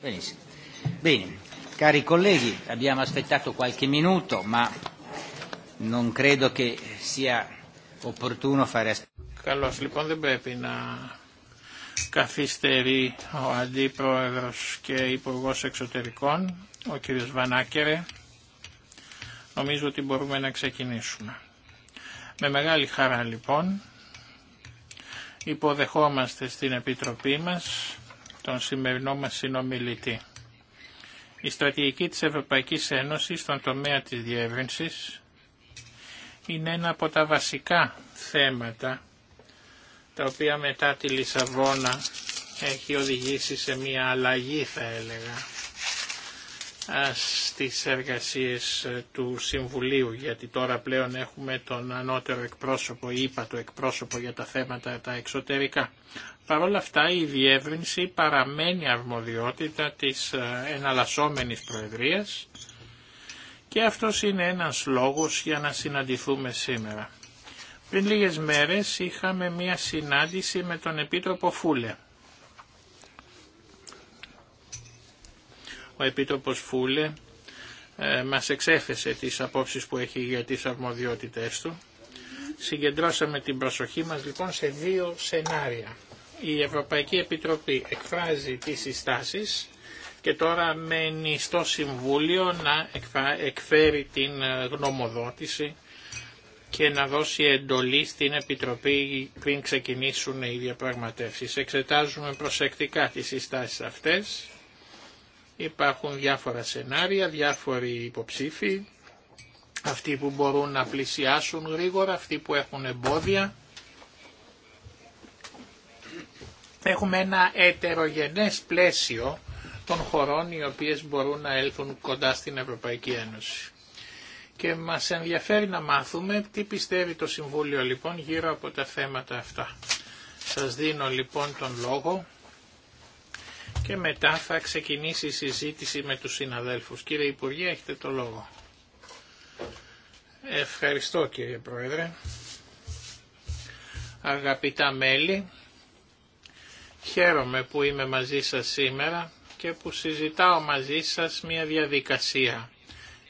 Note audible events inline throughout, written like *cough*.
Benissimo. Bene, cari colleghi, abbiamo aspettato qualche minuto, ma non credo che sia opportuno fare Καλώς, λοιπόν δεν πρέπει να καθυστερεί ο Αντίπροεδρος και υπουργό Εξωτερικών, ο κ. Βανάκερε. Νομίζω ότι μπορούμε να ξεκινήσουμε. Με μεγάλη χαρά λοιπόν υποδεχόμαστε στην Επιτροπή μας τον σημερινό μας συνομιλητή. Η στρατηγική της Ευρωπαϊκής Ένωσης στον τομέα της διεύρυνσης είναι ένα από τα βασικά θέματα τα οποία μετά τη Λισαβόνα έχει οδηγήσει σε μια αλλαγή θα έλεγα στις εργασίες ε, του Συμβουλίου, γιατί τώρα πλέον έχουμε τον ανώτερο εκπρόσωπο ή είπα το εκπρόσωπο για τα θέματα τα εξωτερικά. Παρ' όλα αυτά η διεύρυνση παραμένει αρμοδιότητα της ε, εναλλασσόμενης Προεδρίας και αυτός είναι ένας λόγος για να συναντηθούμε σήμερα. Πριν λίγες μέρες είχαμε μία συνάντηση με τον Επίτροπο Φούλε Ο Επίτροπος Φούλε ε, μας εξέφεσε τις απόψεις που έχει για τις αρμοδιότητές του. Συγκεντρώσαμε την προσοχή μας λοιπόν σε δύο σενάρια. Η Ευρωπαϊκή Επιτροπή εκφράζει τις συστάσεις και τώρα μένει στο Συμβούλιο να εκφέρει την ε, γνωμοδότηση και να δώσει εντολή στην Επιτροπή πριν ξεκινήσουν οι διαπραγματεύσεις. Εξετάζουμε προσεκτικά τις συστάσεις αυτές Υπάρχουν διάφορα σενάρια, διάφοροι υποψήφοι, αυτοί που μπορούν να πλησιάσουν γρήγορα, αυτοί που έχουν εμπόδια. Έχουμε ένα ετερογενές πλαίσιο των χωρών οι οποίες μπορούν να έλθουν κοντά στην Ευρωπαϊκή Ένωση. Και μας ενδιαφέρει να μάθουμε τι πιστεύει το Συμβούλιο λοιπόν γύρω από τα θέματα αυτά. Σας δίνω λοιπόν τον λόγο και μετά θα ξεκινήσει η συζήτηση με τους συναδέλφους. Κύριε Υπουργέ, έχετε το λόγο. Ευχαριστώ κύριε Πρόεδρε. Αγαπητά μέλη, χαίρομαι που είμαι μαζί σας σήμερα και που συζητάω μαζί σας μια διαδικασία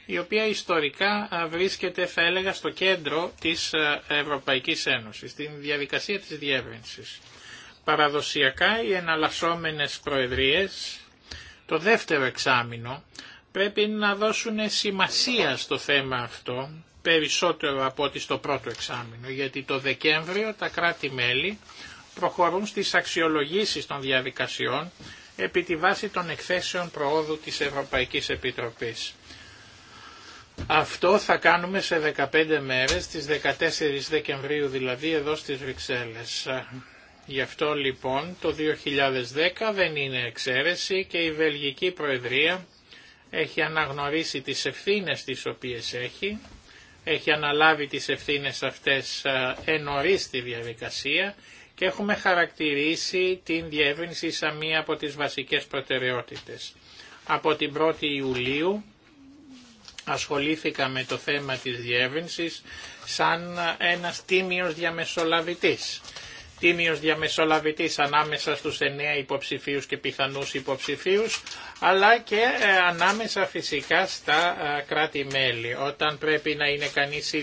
η οποία ιστορικά βρίσκεται θα έλεγα στο κέντρο της Ευρωπαϊκής Ένωσης, στην διαδικασία της διεύρυνσης. Παραδοσιακά οι εναλλασσόμενες προεδρίες το δεύτερο εξάμεινο πρέπει να δώσουν σημασία στο θέμα αυτό περισσότερο από ότι στο πρώτο εξάμεινο γιατί το Δεκέμβριο τα κράτη-μέλη προχωρούν στις αξιολογήσεις των διαδικασιών επί τη βάση των εκθέσεων προόδου της Ευρωπαϊκής Επιτροπής. Αυτό θα κάνουμε σε 15 μέρες, τις 14 Δεκεμβρίου δηλαδή εδώ στις Βρυξέλλες. Γι' αυτό λοιπόν το 2010 δεν είναι εξαίρεση και η Βελγική Προεδρία έχει αναγνωρίσει τις ευθύνες τις οποίες έχει, έχει αναλάβει τις ευθύνες αυτές εν στη διαδικασία και έχουμε χαρακτηρίσει την διεύρυνση σαν μία από τις βασικές προτεραιότητες. Από την 1η Ιουλίου ασχολήθηκα με το θέμα της διεύρυνσης σαν ε, ένας τίμιος διαμεσολαβητής τίμιος διαμεσολαβητής ανάμεσα στους εννέα υποψηφίους και πιθανούς υποψηφίους, αλλά και ε, ανάμεσα φυσικά στα ε, κράτη-μέλη. Όταν πρέπει να είναι κανείς ε,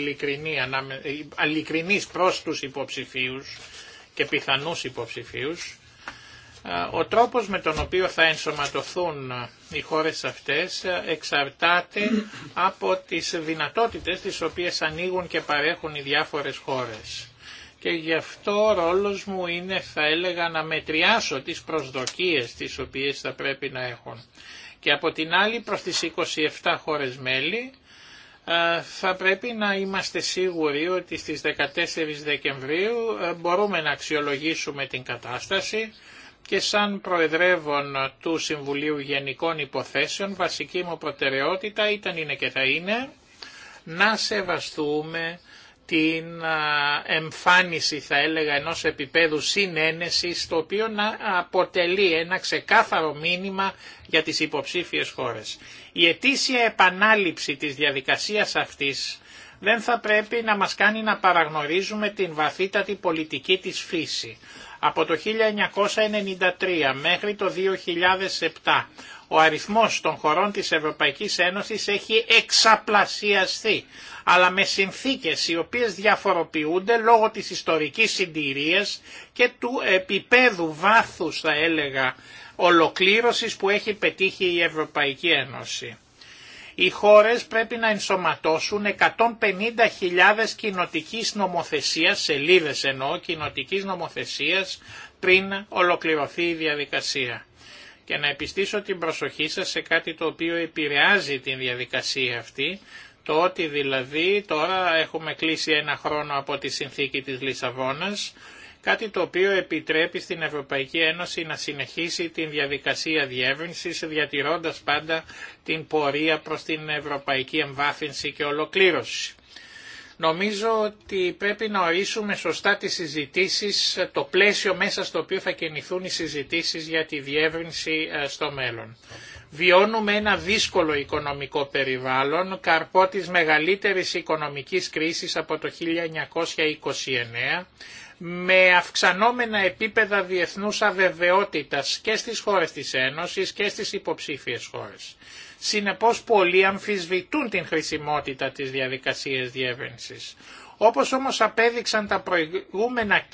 ειλικρινής προς τους υποψηφίους και πιθανούς υποψηφίους, ο τρόπος με τον οποίο θα ενσωματωθούν οι χώρες αυτές εξαρτάται από τις δυνατότητες τις οποίες ανοίγουν και παρέχουν οι διάφορες χώρες και γι' αυτό ο ρόλος μου είναι θα έλεγα να μετριάσω τις προσδοκίες τις οποίες θα πρέπει να έχουν. Και από την άλλη προς τις 27 χώρες μέλη ε, θα πρέπει να είμαστε σίγουροι ότι στις 14 Δεκεμβρίου ε, μπορούμε να αξιολογήσουμε την κατάσταση και σαν Προεδρεύων του Συμβουλίου Γενικών Υποθέσεων βασική μου προτεραιότητα ήταν είναι και θα είναι να σεβαστούμε την εμφάνιση θα έλεγα ενός επίπεδου συνένεσης το οποίο να αποτελεί ένα ξεκάθαρο μήνυμα για τις υποψήφιες χώρες. Η ετήσια επανάληψη της διαδικασίας αυτής δεν θα πρέπει να μας κάνει να παραγνωρίζουμε την βαθύτατη πολιτική της φύση. Από το 1993 μέχρι το 2007 ο αριθμός των χωρών της Ευρωπαϊκής Ένωσης έχει εξαπλασιαστεί, αλλά με συνθήκες οι οποίες διαφοροποιούνται λόγω της ιστορικής συντηρίας και του επίπεδου βάθους θα έλεγα ολοκλήρωσης που έχει πετύχει η Ευρωπαϊκή Ένωση. Οι χώρες πρέπει να ενσωματώσουν 150.000 κοινοτικής νομοθεσίας, σελίδες εννοώ κοινοτικής νομοθεσίας πριν ολοκληρωθεί η διαδικασία και να επιστήσω την προσοχή σας σε κάτι το οποίο επηρεάζει την διαδικασία αυτή, το ότι δηλαδή τώρα έχουμε κλείσει ένα χρόνο από τη συνθήκη της Λισαβόνας, κάτι το οποίο επιτρέπει στην Ευρωπαϊκή Ένωση να συνεχίσει την διαδικασία διεύρυνσης, διατηρώντας πάντα την πορεία προς την ευρωπαϊκή εμβάθυνση και ολοκλήρωση. Νομίζω ότι πρέπει να ορίσουμε σωστά τις συζητήσεις, το πλαίσιο μέσα στο οποίο θα κινηθούν οι συζητήσεις για τη διεύρυνση ε, στο μέλλον. Βιώνουμε ένα δύσκολο οικονομικό περιβάλλον, καρπό της μεγαλύτερης οικονομικής κρίσης από το 1929, με αυξανόμενα επίπεδα διεθνούς αβεβαιότητας και στις χώρες της Ένωσης και στις υποψήφιες χώρες. Συνεπώς πολλοί αμφισβητούν την χρησιμότητα της διαδικασίας διεύρυνσης. Όπως όμως απέδειξαν τα προηγούμενα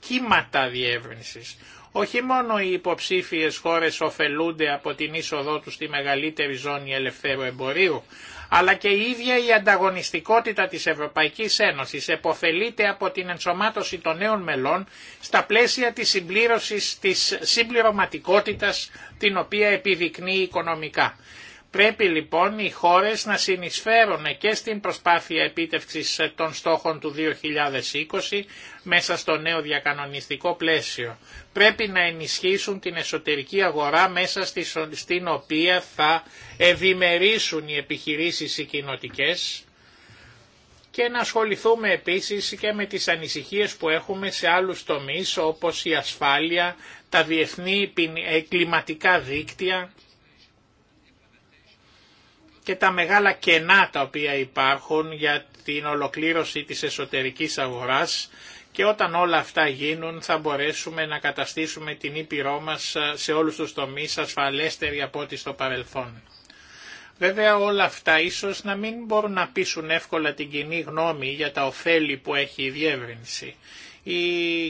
κύματα διεύρυνσης, όχι μόνο οι υποψήφιες χώρες ωφελούνται από την είσοδό τους στη μεγαλύτερη ζώνη ελευθέρου εμπορίου, αλλά και η ίδια η ανταγωνιστικότητα της Ευρωπαϊκής Ένωσης εποφελείται από την ενσωμάτωση των νέων μελών στα πλαίσια της συμπλήρωσης της συμπληρωματικότητας την οποία επιδεικνύει οικονομικά. Πρέπει λοιπόν οι χώρες να συνεισφέρουν και στην προσπάθεια επίτευξης των στόχων του 2020 μέσα στο νέο διακανονιστικό πλαίσιο. Πρέπει να ενισχύσουν την εσωτερική αγορά μέσα στην οποία θα ευημερίσουν οι επιχειρήσεις οι κοινοτικές και να ασχοληθούμε επίσης και με τις ανησυχίες που έχουμε σε άλλους τομείς όπως η ασφάλεια, τα διεθνή ε, κλιματικά δίκτυα και τα μεγάλα κενά τα οποία υπάρχουν για την ολοκλήρωση της εσωτερικής αγοράς και όταν όλα αυτά γίνουν θα μπορέσουμε να καταστήσουμε την Ήπειρό μας ε, σε όλους τους τομείς ασφαλέστερη από ό,τι στο παρελθόν. Βέβαια όλα αυτά ίσως να μην μπορούν να πείσουν εύκολα την κοινή γνώμη για τα ωφέλη που έχει η διεύρυνση. Η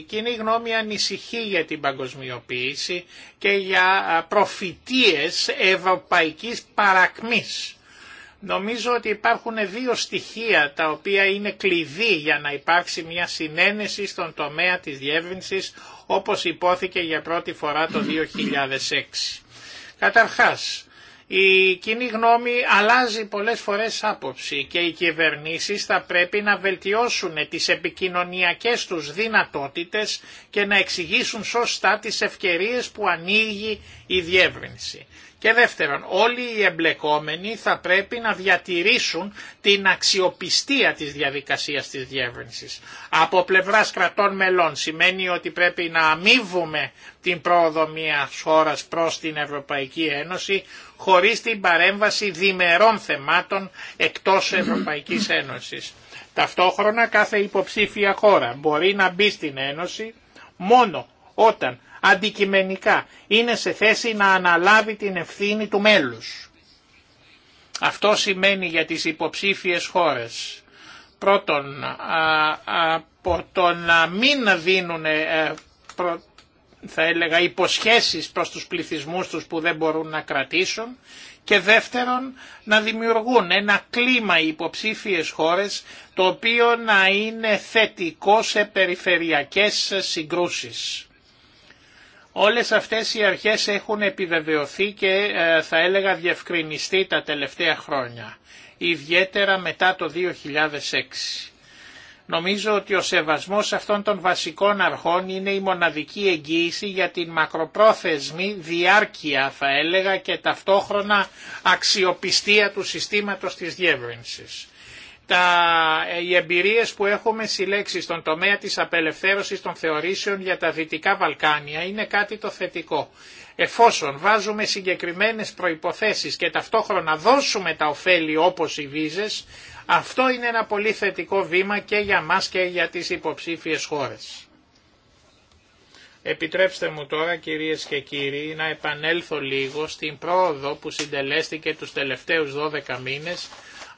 κοινή γνώμη ανησυχεί για την παγκοσμιοποίηση και για προφητείες ευρωπαϊκής παρακμής. Νομίζω ότι υπάρχουν δύο στοιχεία τα οποία είναι κλειδί για να υπάρξει μια συνένεση στον τομέα της διεύρυνσης όπως υπόθηκε για πρώτη φορά το 2006. Καταρχάς, η κοινή γνώμη αλλάζει πολλές φορές άποψη και οι κυβερνήσεις θα πρέπει να βελτιώσουν τις επικοινωνιακές τους δυνατότητες και να εξηγήσουν σωστά τις ευκαιρίες που ανοίγει η διεύρυνση. Και δεύτερον, όλοι οι εμπλεκόμενοι θα πρέπει να διατηρήσουν την αξιοπιστία της διαδικασίας της διεύρυνσης. Από πλευράς κρατών μελών σημαίνει ότι πρέπει να αμείβουμε την πρόοδο μια χώρας προς την Ευρωπαϊκή Ένωση χωρίς την παρέμβαση διμερών θεμάτων εκτός Ευρωπαϊκής Ένωσης. Ταυτόχρονα κάθε υποψήφια χώρα μπορεί να μπει στην Ένωση μόνο όταν αντικειμενικά είναι σε θέση να αναλάβει την ευθύνη του μέλους. Αυτό σημαίνει για τις υποψήφιες χώρες. Πρώτον, από το να μην δίνουν ε, θα έλεγα υποσχέσεις προς τους πληθυσμούς τους που δεν μπορούν να κρατήσουν και δεύτερον να δημιουργούν ένα κλίμα οι υποψήφιες χώρες το οποίο να είναι θετικό σε περιφερειακές συγκρούσεις. Όλες αυτές οι αρχές έχουν επιβεβαιωθεί και ε, θα έλεγα διευκρινιστεί τα τελευταία χρόνια, ιδιαίτερα μετά το 2006. Νομίζω ότι ο σεβασμός αυτών των βασικών αρχών είναι η μοναδική εγγύηση για την μακροπρόθεσμη διάρκεια θα έλεγα και ταυτόχρονα αξιοπιστία του συστήματος της διεύρυνσης τα, ε, οι εμπειρίες που έχουμε συλλέξει στον τομέα της απελευθέρωσης των θεωρήσεων για τα Δυτικά Βαλκάνια είναι κάτι το θετικό. Εφόσον βάζουμε συγκεκριμένες προϋποθέσεις και ταυτόχρονα δώσουμε τα ωφέλη όπως οι βίζες, αυτό είναι ένα πολύ θετικό βήμα και για μας και για τις υποψήφιες χώρες. Επιτρέψτε μου τώρα κυρίες και κύριοι να επανέλθω λίγο στην πρόοδο που συντελέστηκε τους τελευταίους 12 μήνες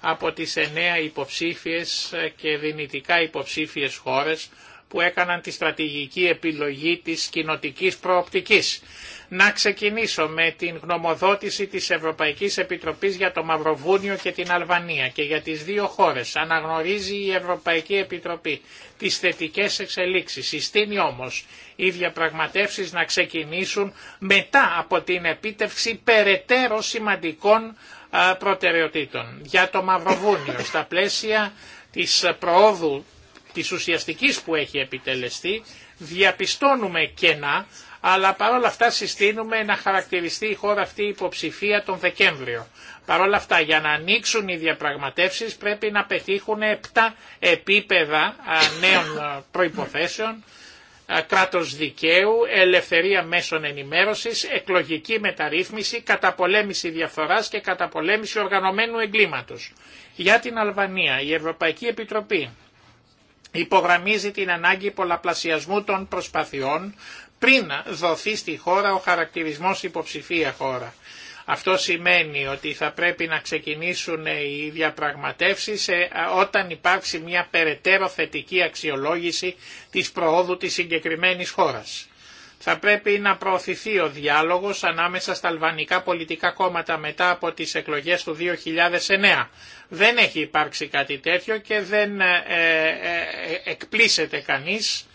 από τις εννέα υποψήφιες και δυνητικά υποψήφιες χώρες που έκαναν τη στρατηγική επιλογή της κοινοτικής προοπτικής. Να ξεκινήσω με την γνωμοδότηση της Ευρωπαϊκής Επιτροπής για το Μαυροβούνιο και την Αλβανία και για τις δύο χώρες. Αναγνωρίζει η Ευρωπαϊκή Επιτροπή τις θετικές εξελίξεις. Συστήνει όμως οι διαπραγματεύσεις να ξεκινήσουν μετά από την επίτευξη περαιτέρω σημαντικών προτεραιοτήτων. Για το Μαυροβούνιο, στα πλαίσια της προόδου της ουσιαστικής που έχει επιτελεστεί, διαπιστώνουμε κενά, αλλά παρόλα αυτά συστήνουμε να χαρακτηριστεί η χώρα αυτή υποψηφία τον Δεκέμβριο. Παρόλα αυτά, για να ανοίξουν οι διαπραγματεύσεις πρέπει να πετύχουν 7 επίπεδα νέων προϋποθέσεων, ε, κράτος δικαίου, ελευθερία μέσων ενημέρωσης, εκλογική μεταρρύθμιση, καταπολέμηση διαφθοράς και καταπολέμηση οργανωμένου εγκλήματος. Για την Αλβανία, η Ευρωπαϊκή Επιτροπή υπογραμμίζει την ανάγκη πολλαπλασιασμού των προσπαθειών πριν δοθεί στη χώρα ο χαρακτηρισμός υποψηφία χώρα. Αυτό σημαίνει ότι θα πρέπει να ξεκινήσουν οι διαπραγματεύσεις ε, όταν υπάρξει μια περαιτέρω θετική αξιολόγηση της προόδου της συγκεκριμένης χώρας. Θα πρέπει να προωθηθεί ο διάλογος ανάμεσα στα αλβανικά πολιτικά κόμματα μετά από τις εκλογές του 2009. Δεν έχει υπάρξει κάτι τέτοιο και δεν ε, ε, εκπλήσεται κανείς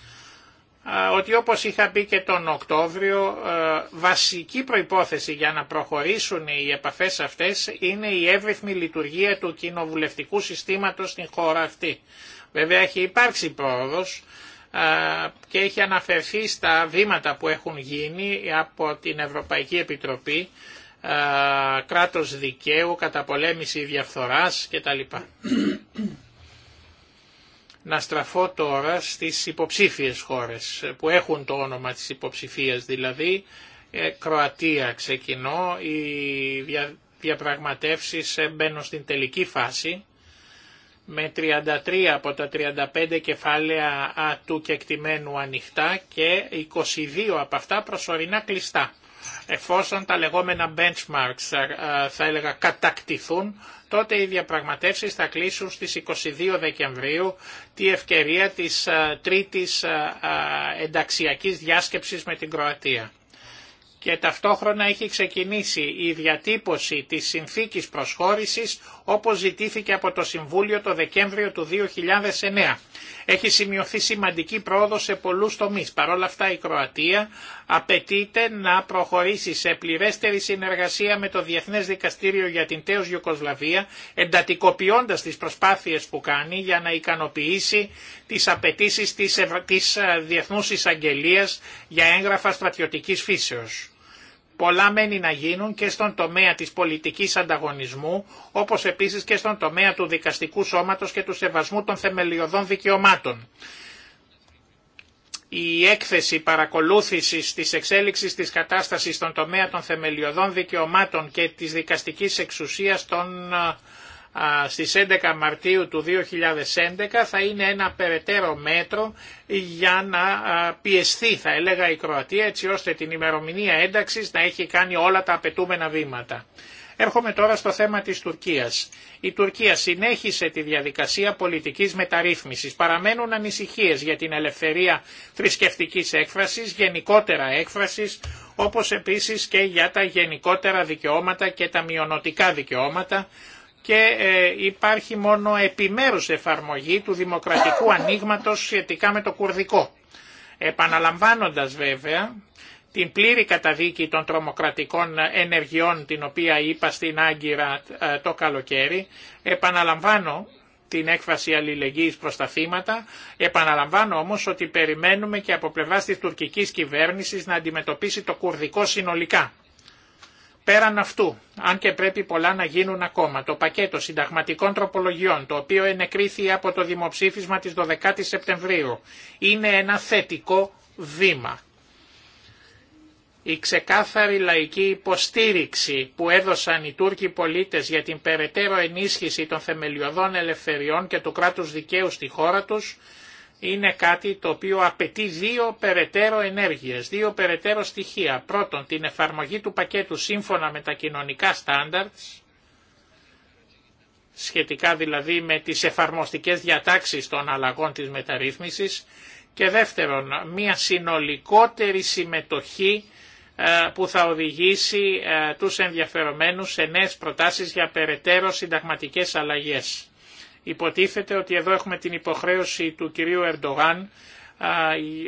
ότι όπως είχα πει και τον Οκτώβριο, ε, βασική προϋπόθεση για να προχωρήσουν οι επαφές αυτές είναι η εύρυθμη λειτουργία του κοινοβουλευτικού συστήματος στην χώρα αυτή. Βέβαια έχει υπάρξει πρόοδος ε, και έχει αναφερθεί στα βήματα που έχουν γίνει από την Ευρωπαϊκή Επιτροπή, ε, κράτος δικαίου, καταπολέμηση διαφθοράς κτλ να στραφώ τώρα στις υποψήφιες χώρες που έχουν το όνομα της υποψηφίας δηλαδή. Ε, Κροατία ξεκινώ, οι διαπραγματεύσεις μπαίνουν στην τελική φάση με 33 από τα 35 κεφάλαια του κεκτημένου ανοιχτά και 22 από αυτά προσωρινά κλειστά. Εφόσον τα λεγόμενα benchmarks ε, ε, θα έλεγα κατακτηθούν, τότε οι διαπραγματεύσεις θα κλείσουν στις 22 Δεκεμβρίου τη ευκαιρία της ε, τρίτης ενταξιακής διάσκεψης με την Κροατία. Και ταυτόχρονα έχει ξεκινήσει η διατύπωση της συνθήκης προσχώρησης όπως ζητήθηκε από το Συμβούλιο το Δεκέμβριο του 2009. Έχει σημειωθεί σημαντική πρόοδο σε πολλούς τομείς. Παρ' όλα αυτά η Κροατία απαιτείται να προχωρήσει σε πληρέστερη συνεργασία με το Διεθνές Δικαστήριο για την Τέος Γιουκοσλαβία, εντατικοποιώντας τις προσπάθειες που κάνει για να ικανοποιήσει τις απαιτήσει της, της ε, Διεθνούς Εισαγγελίας για έγγραφα στρατιωτικής φύσεως. Πολλά μένει να γίνουν και στον τομέα της πολιτικής ανταγωνισμού, όπως επίσης και στον τομέα του δικαστικού σώματος και του σεβασμού των θεμελιωδών δικαιωμάτων. Η έκθεση παρακολούθησης της εξέλιξης της κατάστασης στον τομέα των θεμελιωδών δικαιωμάτων και της δικαστικής εξουσίας των στις 11 Μαρτίου του 2011 θα είναι ένα περαιτέρω μέτρο για να πιεστεί θα έλεγα η Κροατία έτσι ώστε την ημερομηνία ένταξης να έχει κάνει όλα τα απαιτούμενα βήματα. Έρχομαι τώρα στο θέμα της Τουρκίας. Η Τουρκία συνέχισε τη διαδικασία πολιτικής μεταρρύθμισης. Παραμένουν ανησυχίες για την ελευθερία θρησκευτικής έκφρασης, γενικότερα έκφρασης, όπως επίσης και για τα γενικότερα δικαιώματα και τα μειονοτικά δικαιώματα, και ε, υπάρχει μόνο επιμέρους εφαρμογή του δημοκρατικού ανοίγματο σχετικά με το κουρδικό. Επαναλαμβάνοντας βέβαια την πλήρη καταδίκη των τρομοκρατικών ενεργειών την οποία είπα στην Άγκυρα ε, το καλοκαίρι, επαναλαμβάνω την έκφραση αλληλεγγύης προς τα θύματα. Επαναλαμβάνω όμως ότι περιμένουμε και από πλευράς της τουρκικής κυβέρνησης να αντιμετωπίσει το κουρδικό συνολικά. Πέραν αυτού, αν και πρέπει πολλά να γίνουν ακόμα, το πακέτο συνταγματικών τροπολογιών, το οποίο ενεκρίθη από το δημοψήφισμα της 12ης Σεπτεμβρίου, είναι ένα θετικό βήμα. Η ξεκάθαρη λαϊκή υποστήριξη που έδωσαν οι Τούρκοι πολίτες για την περαιτέρω ενίσχυση των θεμελιωδών ελευθεριών και του κράτους δικαίου στη χώρα τους είναι κάτι το οποίο απαιτεί δύο περαιτέρω ενέργειες, δύο περαιτέρω στοιχεία. Πρώτον, την εφαρμογή του πακέτου σύμφωνα με τα κοινωνικά στάνταρτς, σχετικά δηλαδή με τις εφαρμοστικές διατάξεις των αλλαγών της μεταρρύθμισης και δεύτερον, μια συνολικότερη συμμετοχή ε, που θα οδηγήσει ε, τους ενδιαφερομένους σε νέες προτάσεις για περαιτέρω συνταγματικές αλλαγές. Υποτίθεται ότι εδώ έχουμε την υποχρέωση του κυρίου Ερντογάν,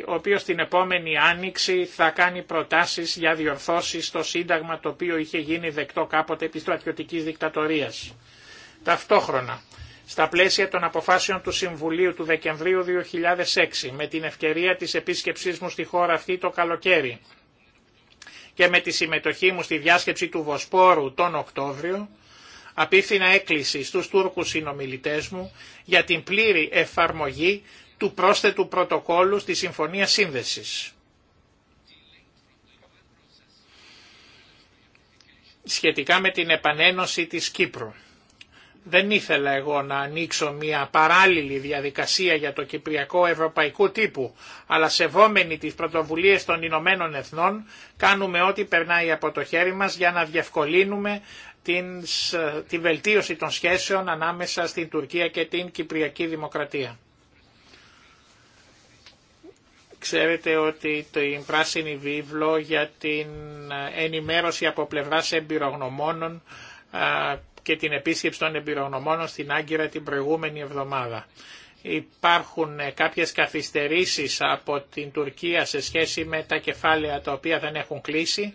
ο οποίος την επόμενη άνοιξη θα κάνει προτάσεις για διορθώσεις στο Σύνταγμα το οποίο είχε γίνει δεκτό κάποτε επί στρατιωτικής δικτατορίας. Ταυτόχρονα, στα πλαίσια των αποφάσεων του Συμβουλίου του Δεκεμβρίου 2006, με την ευκαιρία της επίσκεψής μου στη χώρα αυτή το καλοκαίρι και με τη συμμετοχή μου στη διάσκεψη του Βοσπόρου τον Οκτώβριο, απίθυνα έκκληση στους Τούρκους συνομιλητές μου για την πλήρη εφαρμογή του πρόσθετου πρωτοκόλου στη Συμφωνία Σύνδεσης. Σχετικά με την επανένωση της Κύπρου. Δεν ήθελα εγώ να ανοίξω μια παράλληλη διαδικασία για το κυπριακό ευρωπαϊκού τύπου, αλλά σεβόμενοι τις πρωτοβουλίες των Ηνωμένων Εθνών κάνουμε ό,τι περνάει από το χέρι μας για να διευκολύνουμε την, τη βελτίωση των σχέσεων ανάμεσα στην Τουρκία και την Κυπριακή Δημοκρατία. Ξέρετε ότι το πράσινη βίβλο για την ενημέρωση από πλευράς εμπειρογνωμόνων και την επίσκεψη των εμπειρογνωμόνων στην Άγκυρα την προηγούμενη εβδομάδα. Υπάρχουν κάποιες καθυστερήσεις από την Τουρκία σε σχέση με τα κεφάλαια τα οποία δεν έχουν κλείσει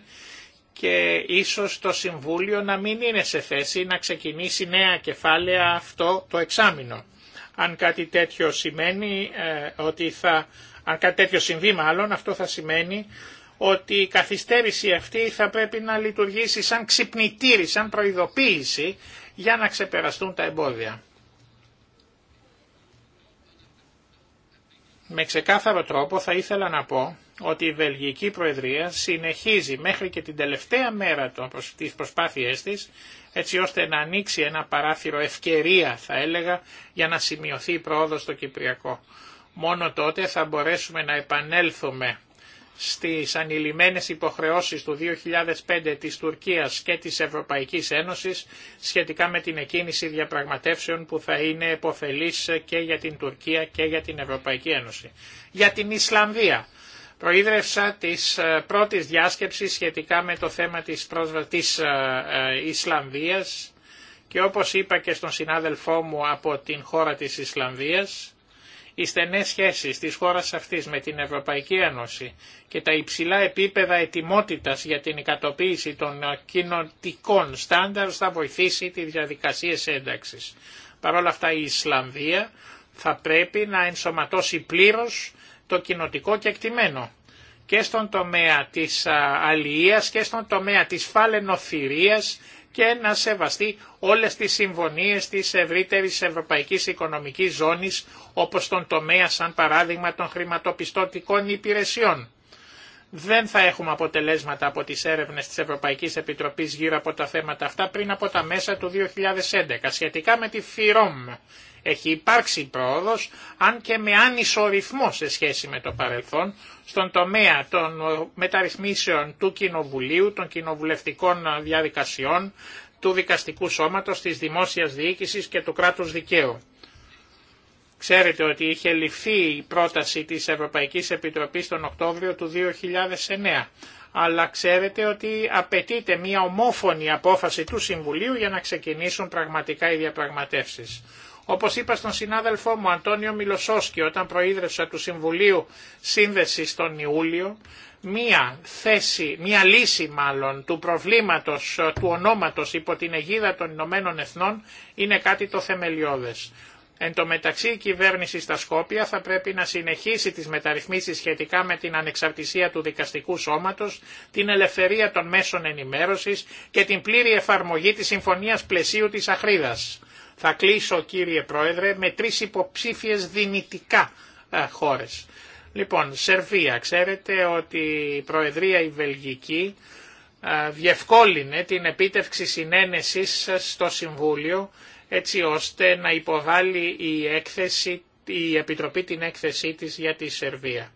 και ίσως το Συμβούλιο να μην είναι σε θέση να ξεκινήσει νέα κεφάλαια αυτό το εξάμεινο. Αν κάτι τέτοιο σημαίνει ε, ότι θα, αν κάτι τέτοιο συμβεί μάλλον, αυτό θα σημαίνει ότι η καθυστέρηση αυτή θα πρέπει να λειτουργήσει σαν ξυπνητήρι, σαν προειδοποίηση για να ξεπεραστούν τα εμπόδια. Με ξεκάθαρο τρόπο θα ήθελα να πω ότι η Βελγική Προεδρία συνεχίζει μέχρι και την τελευταία μέρα της προσπάθειές της έτσι ώστε να ανοίξει ένα παράθυρο ευκαιρία θα έλεγα για να σημειωθεί η πρόοδος στο Κυπριακό. Μόνο τότε θα μπορέσουμε να επανέλθουμε στις ανηλυμένες υποχρεώσεις του 2005 της Τουρκίας και της Ευρωπαϊκής Ένωσης σχετικά με την εκκίνηση διαπραγματεύσεων που θα είναι επωφελής και για την Τουρκία και για την Ευρωπαϊκή Ένωση. Για την Ισλανδία Προείδρευσα της ε, πρώτης διάσκεψης σχετικά με το θέμα της, πρόσβα... της ε, ε, Ισλανδίας και όπως είπα και στον συνάδελφό μου από την χώρα της Ισλανδίας, οι στενές σχέσεις της χώρας αυτής με την Ευρωπαϊκή Ένωση και τα υψηλά επίπεδα ετοιμότητας για την ικατοποίηση των κοινοτικών στάνταρ θα βοηθήσει τη διαδικασίε ένταξης. Παρ' όλα αυτά η Ισλανδία θα πρέπει να ενσωματώσει πλήρως το κοινοτικό κεκτημένο και στον τομέα της αλληλείας και στον τομέα της φαλενοφυρίας και να σεβαστεί όλες τις συμφωνίες της ευρύτερης ευρωπαϊκής οικονομικής ζώνης όπως τον τομέα σαν παράδειγμα των χρηματοπιστωτικών υπηρεσιών. Δεν θα έχουμε αποτελέσματα από τις έρευνες της Ευρωπαϊκής Επιτροπής γύρω από τα θέματα αυτά πριν από τα μέσα του 2011. Σχετικά με τη ΦΥΡΟΜ, έχει υπάρξει πρόοδος, αν και με άνισο ρυθμό σε σχέση με το παρελθόν, στον τομέα των μεταρρυθμίσεων του Κοινοβουλίου, των κοινοβουλευτικών διαδικασιών, του δικαστικού σώματος, της δημόσιας διοίκησης και του κράτους δικαίου. Ξέρετε ότι είχε ληφθεί η πρόταση της Ευρωπαϊκής Επιτροπής τον Οκτώβριο του 2009, αλλά ξέρετε ότι απαιτείται μια ομόφωνη απόφαση του Συμβουλίου για να ξεκινήσουν πραγματικά οι διαπραγματεύσεις. Όπως είπα στον συνάδελφό μου Αντώνιο Μιλοσόσκη όταν προείδρευσα του Συμβουλίου Σύνδεσης τον Ιούλιο, μία θέση, μία λύση μάλλον του προβλήματος ε, του ονόματος υπό την αιγίδα των Ηνωμένων Εθνών είναι κάτι το θεμελιώδες. Εν τω μεταξύ η κυβέρνηση στα Σκόπια θα πρέπει να συνεχίσει τις μεταρρυθμίσεις σχετικά με την ανεξαρτησία του δικαστικού σώματος, την ελευθερία των μέσων ενημέρωσης και την πλήρη εφαρμογή της Συμφωνίας Πλαισίου της Αχρίδας. Θα κλείσω κύριε Πρόεδρε με τρεις υποψήφιες δυνητικά ε, χώρες. Λοιπόν, Σερβία, ξέρετε ότι η Προεδρία η Βελγική ε, διευκόλυνε την επίτευξη συνένεσης στο Συμβούλιο έτσι ώστε να υποβάλει η, έκθεση, η Επιτροπή την έκθεσή της για τη Σερβία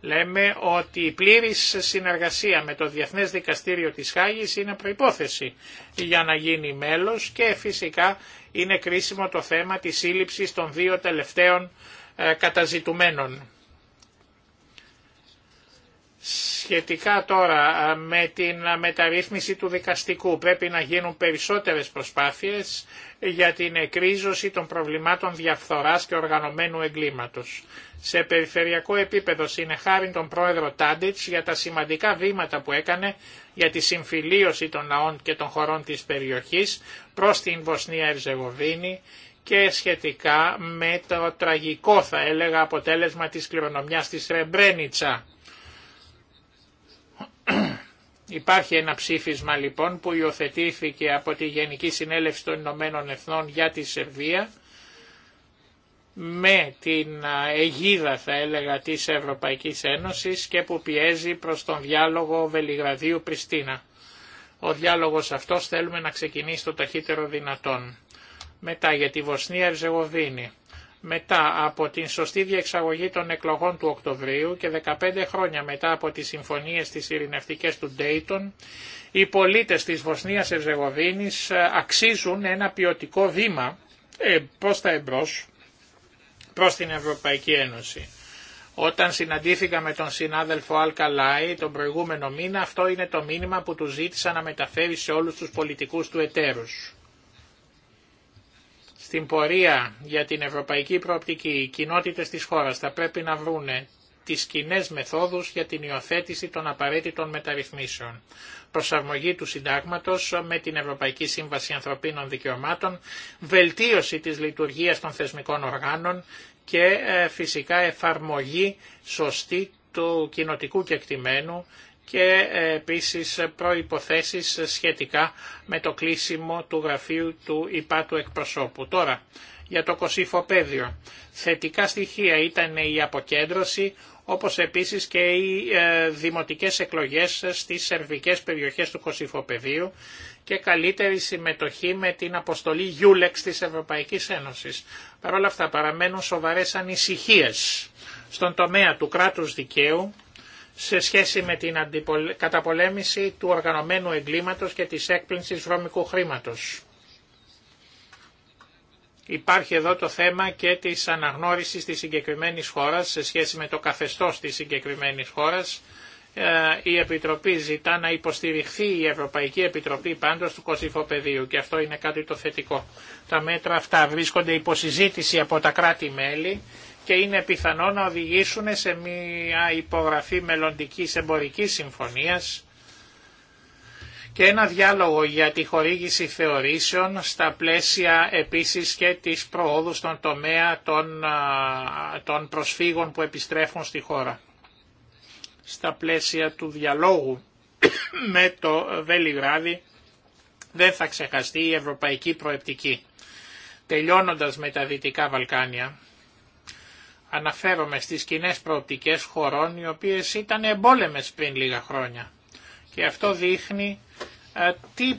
λέμε ότι η πλήρης συνεργασία με το Διεθνές Δικαστήριο της Χάγης είναι προϋπόθεση για να γίνει μέλος και φυσικά είναι κρίσιμο το θέμα της σύλληψης των δύο τελευταίων ε, καταζητουμένων. Σχετικά τώρα με την μεταρρύθμιση του δικαστικού πρέπει να γίνουν περισσότερες προσπάθειες για την εκρίζωση των προβλημάτων διαφθοράς και οργανωμένου εγκλήματος. Σε περιφερειακό επίπεδο συνεχάριν τον πρόεδρο Τάντιτς για τα σημαντικά βήματα που έκανε για τη συμφιλίωση των ναών και των χωρών της περιοχής προς την Βοσνία Ερζεγοβίνη και σχετικά με το τραγικό θα έλεγα αποτέλεσμα της κληρονομιάς της Ρεμπρένιτσα Υπάρχει ένα ψήφισμα λοιπόν που υιοθετήθηκε από τη Γενική Συνέλευση των Ηνωμένων Εθνών για τη Σερβία με την αιγίδα θα έλεγα της Ευρωπαϊκής Ένωσης και που πιέζει προς τον διάλογο Βελιγραδίου-Πριστίνα. Ο διάλογος αυτός θέλουμε να ξεκινήσει το ταχύτερο δυνατόν. Μετά για τη Βοσνία-Ερζεγοβίνη μετά από την σωστή διεξαγωγή των εκλογών του Οκτωβρίου και 15 χρόνια μετά από τις συμφωνίες της ειρηνευτικές του Ντέιτον, οι πολίτες της Βοσνίας Ευζεγοβίνης ε, αξίζουν ένα ποιοτικό βήμα ε, προς τα εμπρός, προς την Ευρωπαϊκή Ένωση. Όταν συναντήθηκα με τον συνάδελφο Αλ Καλάη τον προηγούμενο μήνα, αυτό είναι το μήνυμα που του ζήτησα να μεταφέρει σε όλους τους πολιτικούς του εταίρους στην πορεία για την ευρωπαϊκή προοπτική οι κοινότητες της χώρας θα πρέπει να βρούνε τις κοινέ μεθόδους για την υιοθέτηση των απαραίτητων μεταρρυθμίσεων. Προσαρμογή του συντάγματος με την Ευρωπαϊκή Σύμβαση Ανθρωπίνων Δικαιωμάτων, βελτίωση της λειτουργίας των θεσμικών οργάνων και ε, φυσικά εφαρμογή σωστή του κοινοτικού κεκτημένου και ε, επίσης προϋποθέσεις σχετικά με το κλείσιμο του γραφείου του υπάτου εκπροσώπου. Τώρα, για το κοσιφοπέδιο. Θετικά στοιχεία ήταν η αποκέντρωση, όπως επίσης και οι ε, δημοτικές εκλογές στις σερβικές περιοχές του κοσιφοπεδίου και καλύτερη συμμετοχή με την αποστολή Γιούλεξ της Ευρωπαϊκής Ένωσης. Παρ' όλα αυτά παραμένουν σοβαρές ανησυχίες στον τομέα του κράτους δικαίου, σε σχέση με την καταπολέμηση του οργανωμένου εγκλήματος και της έκπληξης βρώμικου χρήματος. Υπάρχει εδώ το θέμα και της αναγνώρισης της συγκεκριμένης χώρας σε σχέση με το καθεστώς της συγκεκριμένης χώρας. Ε, η Επιτροπή ζητά να υποστηριχθεί η Ευρωπαϊκή Επιτροπή πάντως του Κωσυφοπεδίου και αυτό είναι κάτι το θετικό. Τα μέτρα αυτά βρίσκονται υποσυζήτηση από τα κράτη-μέλη και είναι πιθανό να οδηγήσουν σε μια υπογραφή μελλοντική εμπορικής συμφωνίας και ένα διάλογο για τη χορήγηση θεωρήσεων στα πλαίσια επίσης και της προόδου στον τομέα των, των προσφύγων που επιστρέφουν στη χώρα. Στα πλαίσια του διαλόγου *coughs* με το Βελιγράδι δεν θα ξεχαστεί η ευρωπαϊκή προεπτική. Τελειώνοντας με τα Δυτικά Βαλκάνια, Αναφέρομαι στις κοινέ προοπτικές χωρών οι οποίες ήταν εμπόλεμες πριν λίγα χρόνια. Και αυτό δείχνει ε, τι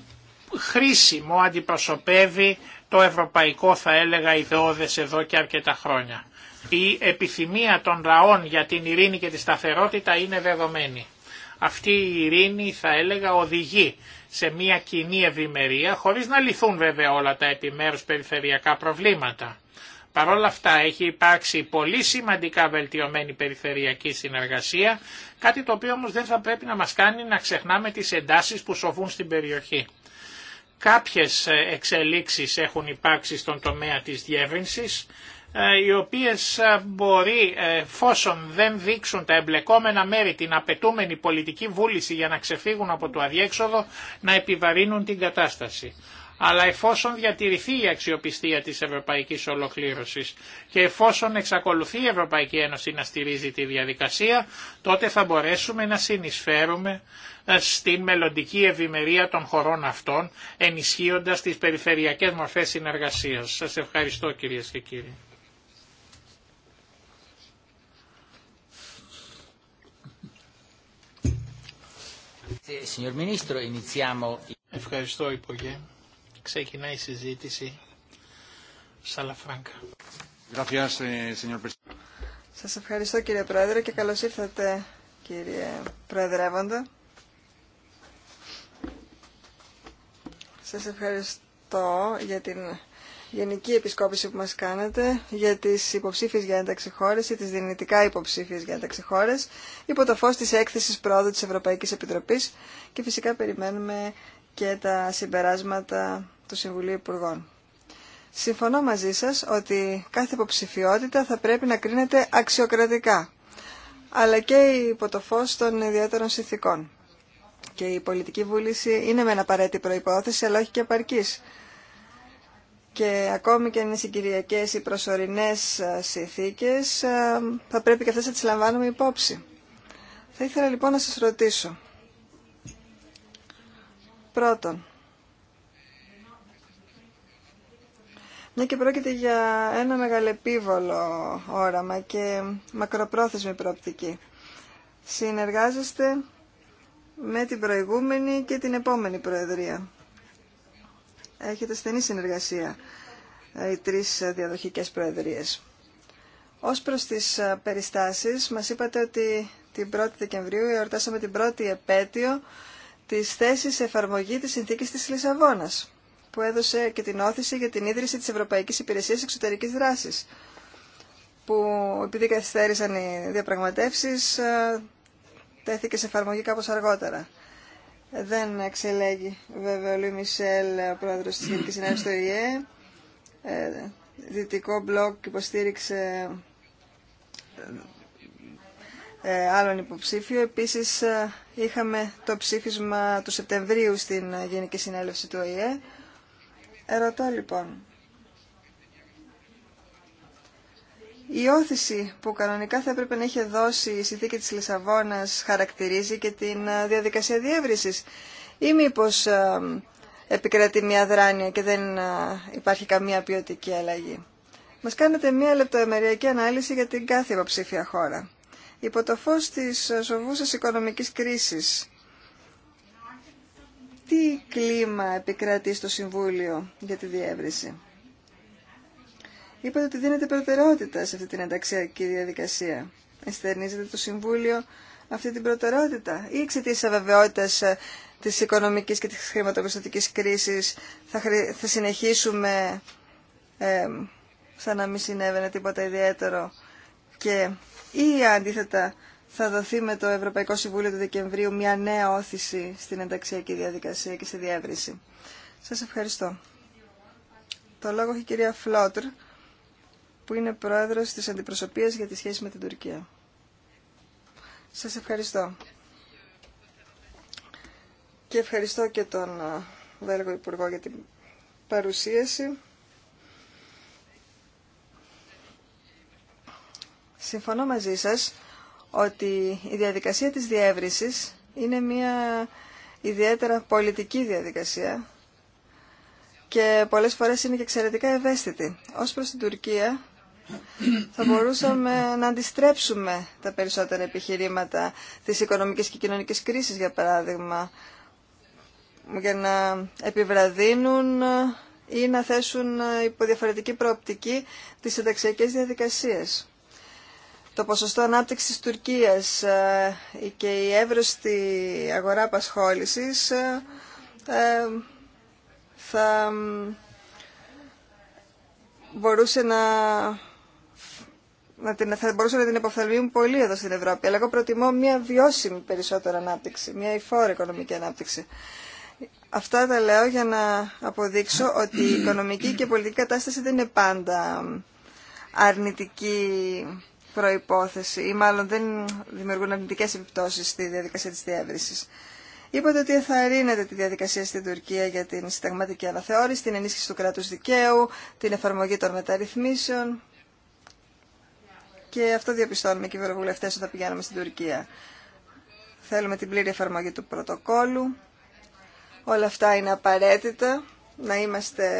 χρήσιμο αντιπροσωπεύει το ευρωπαϊκό θα έλεγα ιδεώδες εδώ και αρκετά χρόνια. Η επιθυμία των λαών για την ειρήνη και τη σταθερότητα είναι δεδομένη. Αυτή η ειρήνη θα έλεγα οδηγεί σε μια κοινή ευημερία χωρίς να λυθούν βέβαια όλα τα επιμέρους περιφερειακά προβλήματα. Παρ' όλα αυτά έχει υπάρξει πολύ σημαντικά βελτιωμένη περιφερειακή συνεργασία, κάτι το οποίο όμως δεν θα πρέπει να μας κάνει να ξεχνάμε τις εντάσεις που σοβούν στην περιοχή. Κάποιες ε, εξελίξεις έχουν υπάρξει στον τομέα της διεύρυνσης, ε, οι οποίες ε, μπορεί, εφόσον δεν δείξουν τα εμπλεκόμενα μέρη την απαιτούμενη πολιτική βούληση για να ξεφύγουν από το αδιέξοδο, να επιβαρύνουν την κατάσταση αλλά εφόσον διατηρηθεί η αξιοπιστία της ευρωπαϊκής ολοκλήρωσης και εφόσον εξακολουθεί η Ευρωπαϊκή Ένωση να στηρίζει τη διαδικασία, τότε θα μπορέσουμε να συνεισφέρουμε ε, στην μελλοντική ευημερία των χωρών αυτών, ενισχύοντας τις περιφερειακές μορφές συνεργασίας. Σας ευχαριστώ κυρίες και κύριοι. Ευχαριστώ, Υπουργέ. Ξεκινάει η συζήτηση. Σαλαφράγκα. Eh, Σας ευχαριστώ κύριε Πρόεδρε και καλώς ήρθατε κύριε Προεδρεύοντα. Σας ευχαριστώ για την γενική επισκόπηση που μας κάνατε για τις υποψήφιες για ένταξη χώρες ή τις δυνητικά υποψήφιες για ένταξη χώρες υπό το φως της έκθεσης πρόοδου της Ευρωπαϊκής Επιτροπής και φυσικά περιμένουμε και τα συμπεράσματα του Συμβουλίου Υπουργών. Συμφωνώ μαζί σας ότι κάθε υποψηφιότητα θα πρέπει να κρίνεται αξιοκρατικά, αλλά και υπό το φως των ιδιαίτερων συνθήκων. Και η πολιτική βούληση είναι με απαραίτητη προϋπόθεση, αλλά όχι και επαρκής. Και ακόμη και αν είναι συγκυριακές οι προσωρινές ε, συνθήκες, ε, θα πρέπει και αυτές να τις λαμβάνουμε υπόψη. Θα ήθελα λοιπόν να σας ρωτήσω, Πρώτον, μια ναι, και πρόκειται για ένα μεγαλεπίβολο όραμα και μακροπρόθεσμη προοπτική. Συνεργάζεστε με την προηγούμενη και την επόμενη Προεδρία. Έχετε στενή συνεργασία ε, οι τρεις διαδοχικές Προεδρίες. Ως προς τις ε, περιστάσεις, μας είπατε ότι την 1η Δεκεμβρίου εορτάσαμε την πρώτη επέτειο τη θέσεις εφαρμογή της συνθήκης της Λισαβόνας, που έδωσε και την όθηση για την ίδρυση της Ευρωπαϊκής Υπηρεσίας Εξωτερικής Δράσης, που επειδή καθυστέρησαν οι διαπραγματεύσεις, ε, τέθηκε σε εφαρμογή κάπως αργότερα. Δεν εξελέγει βέβαια ο Λουί Μισελ, πρόεδρος της Γενικής Συνέλευσης του ΙΕ. Ε, δυτικό μπλοκ υποστήριξε ε, άλλον υποψήφιο. Επίσης ε, είχαμε το ψήφισμα του Σεπτεμβρίου στην ε, Γενική Συνέλευση του ΟΗΕ. Ερωτώ λοιπόν, η όθηση που κανονικά θα έπρεπε να είχε δώσει η συνθήκη της Λισαβόνας χαρακτηρίζει και την διαδικασία διεύρυνσης ή μήπω επικρατεί μια δράνεια και δεν υπάρχει καμία ποιοτική αλλαγή. Μας κάνετε μια λεπτομεριακή ανάλυση για την κάθε υποψήφια χώρα υπό το φως της σοβούσας οικονομικής κρίσης. Τι κλίμα επικρατεί στο Συμβούλιο για τη διεύρυνση. Είπατε ότι δίνετε προτεραιότητα σε αυτή την ενταξιακή διαδικασία. Εστερνίζετε το Συμβούλιο αυτή την προτεραιότητα ή εξαιτία τη ε, της οικονομικής και της χρηματοπιστωτικής κρίσης θα, θα συνεχίσουμε ε, σαν να μην συνέβαινε τίποτα ιδιαίτερο και ή αντίθετα θα δοθεί με το Ευρωπαϊκό Συμβούλιο του Δεκεμβρίου μια νέα όθηση στην ενταξιακή διαδικασία και στη διεύρυνση. Σας ευχαριστώ. Το λόγο έχει η κυρία Φλότρ, που είναι πρόεδρος της Αντιπροσωπείας για τη σχέση με την Τουρκία. Σας ευχαριστώ. Και ευχαριστώ και τον ε, Βέλγο Υπουργό για την παρουσίαση. Συμφωνώ μαζί σας ότι η διαδικασία της διεύρυνσης είναι μια ιδιαίτερα πολιτική διαδικασία και πολλές φορές είναι και εξαιρετικά ευαίσθητη. Ως προς την Τουρκία θα μπορούσαμε να αντιστρέψουμε τα περισσότερα επιχειρήματα της οικονομικής και κοινωνικής κρίσης, για παράδειγμα, για να επιβραδύνουν ή να θέσουν υποδιαφορετική προοπτική τις ενταξιακές διαδικασίες το ποσοστό ανάπτυξης Τουρκίας ε, και η εύρωστη αγορά απασχόλησης ε, ε, θα μπορούσε να, να την, θα μπορούσε να την υποφθαλμίουν πολύ εδώ στην Ευρώπη. Αλλά εγώ προτιμώ μια βιώσιμη περισσότερη ανάπτυξη, μια υφόρο οικονομική ανάπτυξη. Αυτά τα λέω για να αποδείξω ότι η οικονομική και η πολιτική κατάσταση δεν είναι πάντα αρνητική προϋπόθεση ή μάλλον δεν δημιουργούν αρνητικές επιπτώσεις στη διαδικασία της διεύρυνσης. Είπατε ότι θα εθαρρύνεται τη διαδικασία στην Τουρκία για την συνταγματική αναθεώρηση, την ενίσχυση του κράτους δικαίου, την εφαρμογή των μεταρρυθμίσεων. Και αυτό διαπιστώνουμε και οι ευρωβουλευτές όταν πηγαίνουμε στην Τουρκία. Θέλουμε την πλήρη εφαρμογή του πρωτοκόλου. Όλα αυτά είναι απαραίτητα. Να είμαστε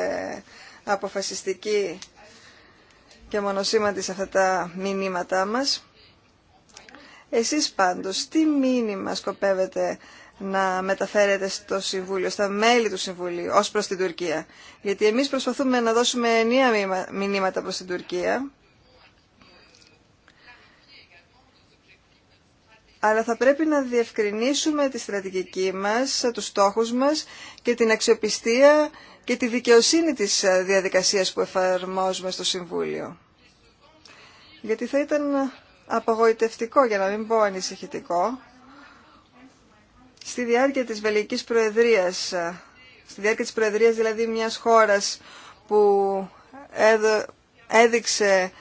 αποφασιστικοί και μονοσήμαντη σε αυτά τα μηνύματά μας. Εσείς πάντως, τι μήνυμα σκοπεύετε να μεταφέρετε στο Συμβούλιο, στα μέλη του Συμβουλίου, ως προς την Τουρκία. Γιατί εμείς προσπαθούμε να δώσουμε ενία μηνύματα προς την Τουρκία, αλλά θα πρέπει να διευκρινίσουμε τη στρατηγική μας, τους στόχους μας και την αξιοπιστία και τη δικαιοσύνη της διαδικασίας που εφαρμόζουμε στο Συμβούλιο. Γιατί θα ήταν απογοητευτικό, για να μην πω ανησυχητικό, στη διάρκεια της Βελγικής Προεδρίας, στη διάρκεια της Προεδρίας δηλαδή μιας χώρας που έδειξε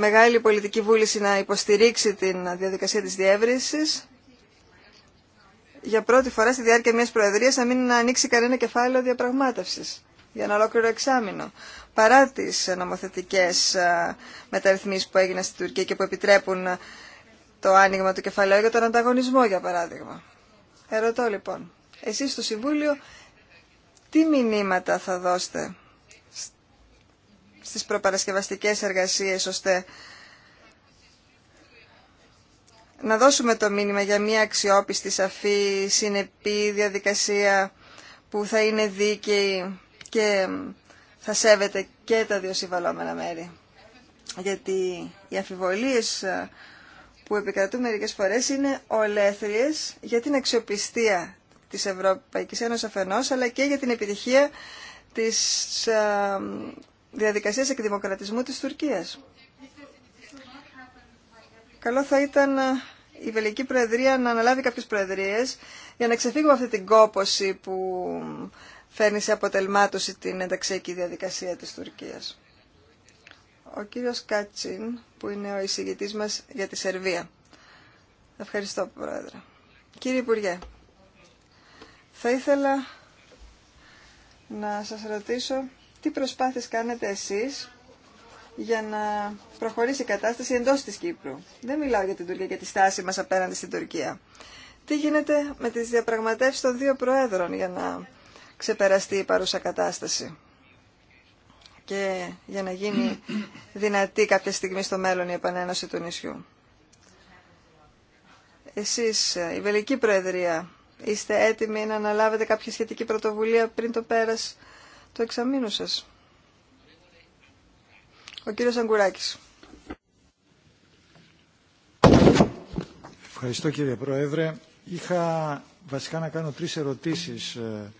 μεγάλη πολιτική βούληση να υποστηρίξει την διαδικασία της διεύρυνσης. Για πρώτη φορά στη διάρκεια μιας προεδρίας να μην ανοίξει κανένα κεφάλαιο διαπραγμάτευσης για ένα ολόκληρο εξάμεινο. Παρά τις νομοθετικές ε, μεταρρυθμίσεις που έγιναν στην Τουρκία και που επιτρέπουν ε, το άνοιγμα του κεφαλαίου για τον ανταγωνισμό, για παράδειγμα. Ερωτώ λοιπόν, εσείς στο Συμβούλιο τι μηνύματα θα δώσετε στις προπαρασκευαστικές εργασίες ώστε να δώσουμε το μήνυμα για μια αξιόπιστη, σαφή, συνεπή διαδικασία που θα είναι δίκαιη και θα σέβεται και τα δύο συμβαλόμενα μέρη. Γιατί οι αφιβολίες ε, που επικρατούν μερικές φορές είναι ολέθριες για την αξιοπιστία της Ευρωπαϊκής Ένωσης αφενός, αλλά και για την επιτυχία της, ε, διαδικασίας εκδημοκρατισμού της Τουρκίας. Καλό θα ήταν ε, η Βελική Προεδρία να αναλάβει κάποιες προεδρίες για να ξεφύγουμε αυτή την κόπωση που φέρνει σε αποτελμάτωση την ενταξιακή διαδικασία της Τουρκίας. Ο κύριος Κάτσιν, που είναι ο εισηγητής μας για τη Σερβία. Ευχαριστώ, Πρόεδρε. Κύριε Υπουργέ, θα ήθελα να σας ρωτήσω τι προσπάθειες κάνετε εσείς για να προχωρήσει η κατάσταση εντός της Κύπρου. Δεν μιλάω για την Τουρκία και τη στάση μας απέναντι στην Τουρκία. Τι γίνεται με τις διαπραγματεύσεις των δύο προέδρων για να ξεπεραστεί η παρούσα κατάσταση και για να γίνει δυνατή κάποια στιγμή στο μέλλον η επανένωση του νησιού. Εσείς, ε, η Βελική Προεδρία, είστε έτοιμοι να αναλάβετε κάποια σχετική πρωτοβουλία πριν το πέρας το εξαμήνου σας. Ο κύριος Αγκουράκης. Ευχαριστώ κύριε Πρόεδρε. Είχα βασικά να κάνω τρεις ερωτήσεις ε,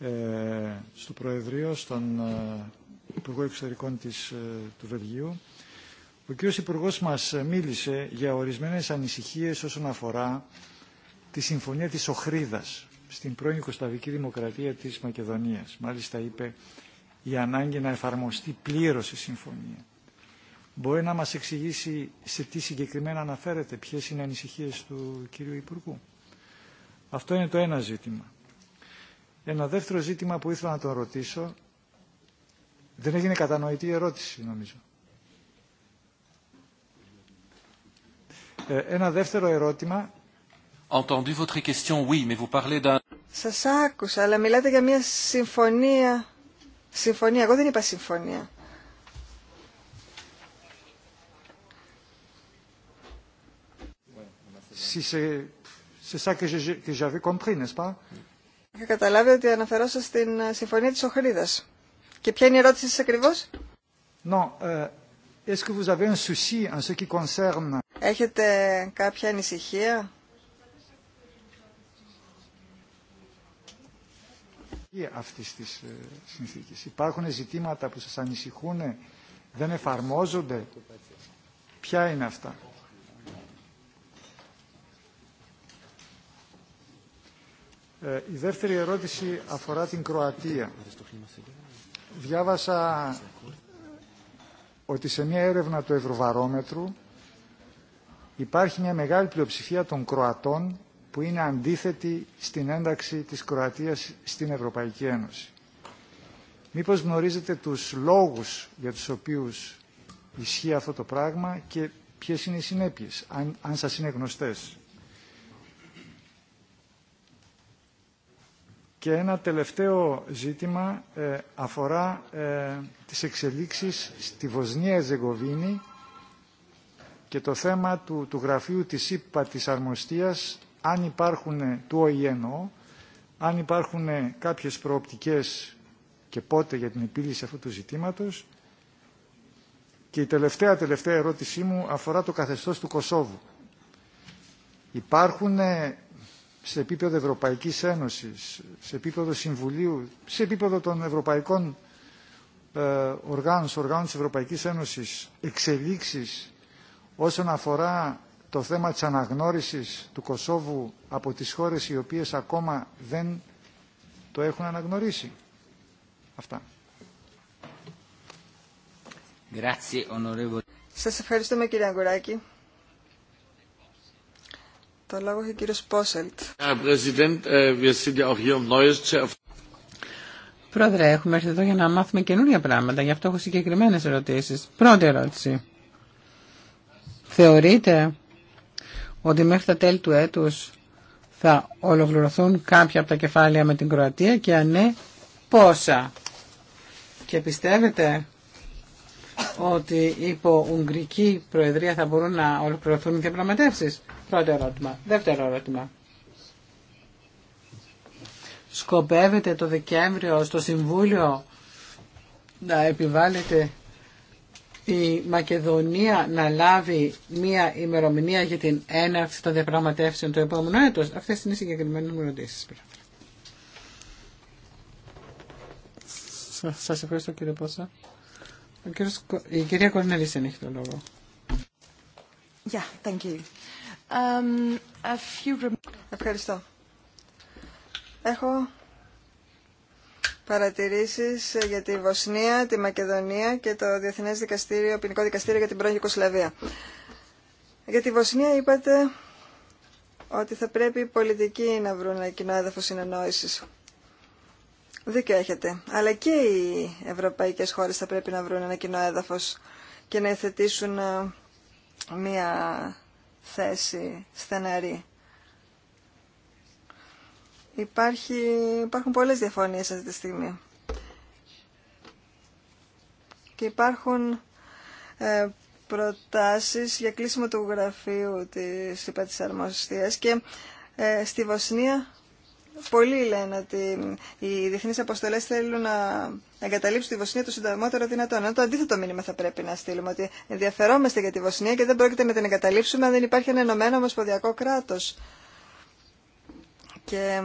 ε στο Προεδρείο, στον ε, Υπουργό Εξωτερικών της, ε, του Βελγίου. Ο κύριος υπουργό μας ε, μίλησε για ορισμένες ανησυχίες όσον αφορά τη Συμφωνία της Οχρίδας στην πρώην Οικοσταβική Δημοκρατία της Μακεδονίας. Μάλιστα είπε η ανάγκη να εφαρμοστεί πλήρως η συμφωνία. Μπορεί να μας εξηγήσει σε τι συγκεκριμένα αναφέρεται, ποιες είναι οι ανησυχίες του κύριου Υπουργού. Αυτό είναι το ένα ζήτημα. Ένα δεύτερο ζήτημα που ήθελα να τον ρωτήσω, δεν έγινε κατανοητή ερώτηση νομίζω. Ε, ένα δεύτερο ερώτημα entendu Σας άκουσα, αλλά μιλάτε για μια συμφωνία. Συμφωνία, εγώ δεν είπα συμφωνία. Si Είχα καταλάβει ότι αναφερόσα στην ε, συμφωνία της Οχρίδας. Και ποια είναι η ερώτηση σας ακριβώς? Έχετε κάποια ανησυχία αυτής της ε, συνθήκης. Υπάρχουν ζητήματα που σας ανησυχούν, δεν εφαρμόζονται. Ποια είναι αυτά. Ε, η δεύτερη ερώτηση αφορά την Κροατία. Διάβασα ε, ότι σε μια έρευνα του Ευρωβαρόμετρου υπάρχει μια μεγάλη πλειοψηφία των Κροατών που είναι αντίθετη στην ένταξη της Κροατίας στην Ευρωπαϊκή Ένωση. Μήπως γνωρίζετε τους λόγους για τους οποίους ισχύει αυτό το πράγμα και ποιες είναι οι συνέπειες, αν, αν σας είναι γνωστές. Και ένα τελευταίο ζήτημα ε, αφορά ε, τις εξελίξεις στη Βοσνία-Ζεγοβίνη και το θέμα του, του γραφείου της ΥΠΑ της Αρμοστίας αν υπάρχουν του ΟΗΕΝΟ, αν υπάρχουν κάποιες προοπτικές και πότε για την επίλυση αυτού του ζητήματος. Και η τελευταία τελευταία ερώτησή μου αφορά το καθεστώς του Κωσόβου. Υπάρχουν ε, σε επίπεδο Ευρωπαϊκής Ένωσης, σε επίπεδο Συμβουλίου, σε επίπεδο των ευρωπαϊκών ε, οργάνων, οργάνων της Ευρωπαϊκής Ένωσης εξελίξεις όσον αφορά το θέμα της αναγνώρισης του Κωσόβου από τις χώρες οι οποίες ακόμα δεν το έχουν αναγνωρίσει. Αυτά. Σας ευχαριστούμε κύριε Αγκουράκη. Το λόγο έχει ο κύριος Πόσελτ. Äh, um Πρόεδρε, έχουμε έρθει εδώ για να μάθουμε καινούργια πράγματα. Γι' αυτό έχω συγκεκριμένες ερωτήσεις. Πρώτη ερώτηση. Θεωρείτε ότι μέχρι τα τέλη του έτους θα ολοκληρωθούν κάποια από τα κεφάλαια με την Κροατία και αν ναι, πόσα. Και πιστεύετε ότι υπό Ουγγρική Προεδρία θα μπορούν να ολοκληρωθούν διαπραγματεύσει. Πρώτο ερώτημα. Δεύτερο ερώτημα. Σκοπεύετε το Δεκέμβριο στο Συμβούλιο να επιβάλλετε η Μακεδονία να λάβει μία ημερομηνία για την έναρξη των διαπραγματεύσεων το επόμενο έτος. Αυτές είναι οι συγκεκριμένες μου ερωτήσεις. Σας ευχαριστώ κύριε Πόσα. Ο κύριος, η κυρία κορνέλη έχει το λόγο. Yeah, you. Um, a few... Ευχαριστώ. Έχω παρατηρήσεις ε, για τη Βοσνία, τη Μακεδονία και το Διεθνές Δικαστήριο, Ποινικό Δικαστήριο για την πρώην Ιουκοσλαβία. Για τη Βοσνία είπατε ότι θα πρέπει οι πολιτικοί να βρουν ένα κοινό έδαφο συνεννόηση. Δίκιο έχετε. Αλλά και οι ευρωπαϊκές χώρες θα πρέπει να βρουν ένα κοινό έδαφο και να εθετήσουν ε, μια θέση στεναρή. Υπάρχει, υπάρχουν πολλές διαφωνίες αυτή τη στιγμή. Και υπάρχουν ε, προτάσεις για κλείσιμο του γραφείου της ΥΠΑ της και ε, στη Βοσνία πολλοί λένε ότι οι διεθνείς αποστολές θέλουν να εγκαταλείψουν τη Βοσνία το συντομότερο δυνατόν. Ενώ το αντίθετο μήνυμα θα πρέπει να στείλουμε ότι ενδιαφερόμαστε για τη Βοσνία και δεν πρόκειται να την εγκαταλείψουμε αν δεν υπάρχει ένα ενωμένο ομοσπονδιακό κράτος. Και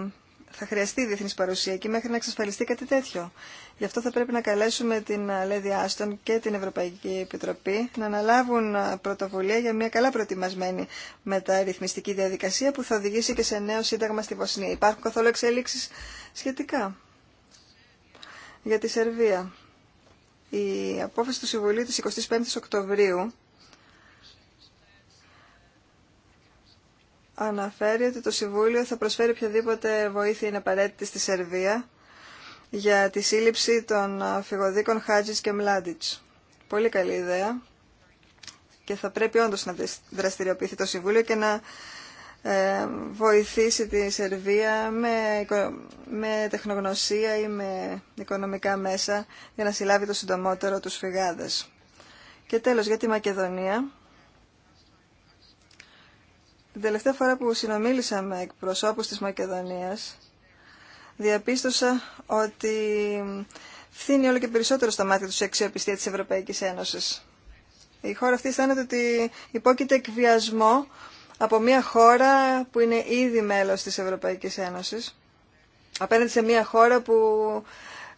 θα χρειαστεί διεθνής παρουσία εκεί μέχρι να εξασφαλιστεί κάτι τέτοιο. Γι' αυτό θα πρέπει να καλέσουμε την Λέδη ε, Άστον και την Ευρωπαϊκή Επιτροπή να αναλάβουν ε, πρωτοβουλία για μια καλά προετοιμασμένη μεταρρυθμιστική διαδικασία που θα οδηγήσει και σε νέο σύνταγμα στη Βοσνία. Υπάρχουν καθόλου εξέλιξει σχετικά για τη Σερβία. Η απόφαση του Συμβουλίου της 25ης Οκτωβρίου αναφέρει ότι το Συμβούλιο θα προσφέρει οποιαδήποτε βοήθεια είναι απαραίτητη στη Σερβία για τη σύλληψη των φυγοδίκων Χάτζης και Μλάντιτς. Πολύ καλή ιδέα και θα πρέπει όντως να δραστηριοποιηθεί το Συμβούλιο και να ε, βοηθήσει τη Σερβία με, με τεχνογνωσία ή με οικονομικά μέσα για να συλλάβει το συντομότερο τους φυγάδες. Και τέλος για τη Μακεδονία. Την τελευταία φορά που συνομίλησα με εκπροσώπους της Μακεδονίας, διαπίστωσα ότι φθήνει όλο και περισσότερο στα μάτια τους η αξιοπιστία της Ευρωπαϊκής Ένωσης. Η χώρα αυτή αισθάνεται ότι υπόκειται εκβιασμό από μια χώρα που είναι ήδη μέλος της Ευρωπαϊκής Ένωσης, απέναντι σε μια χώρα που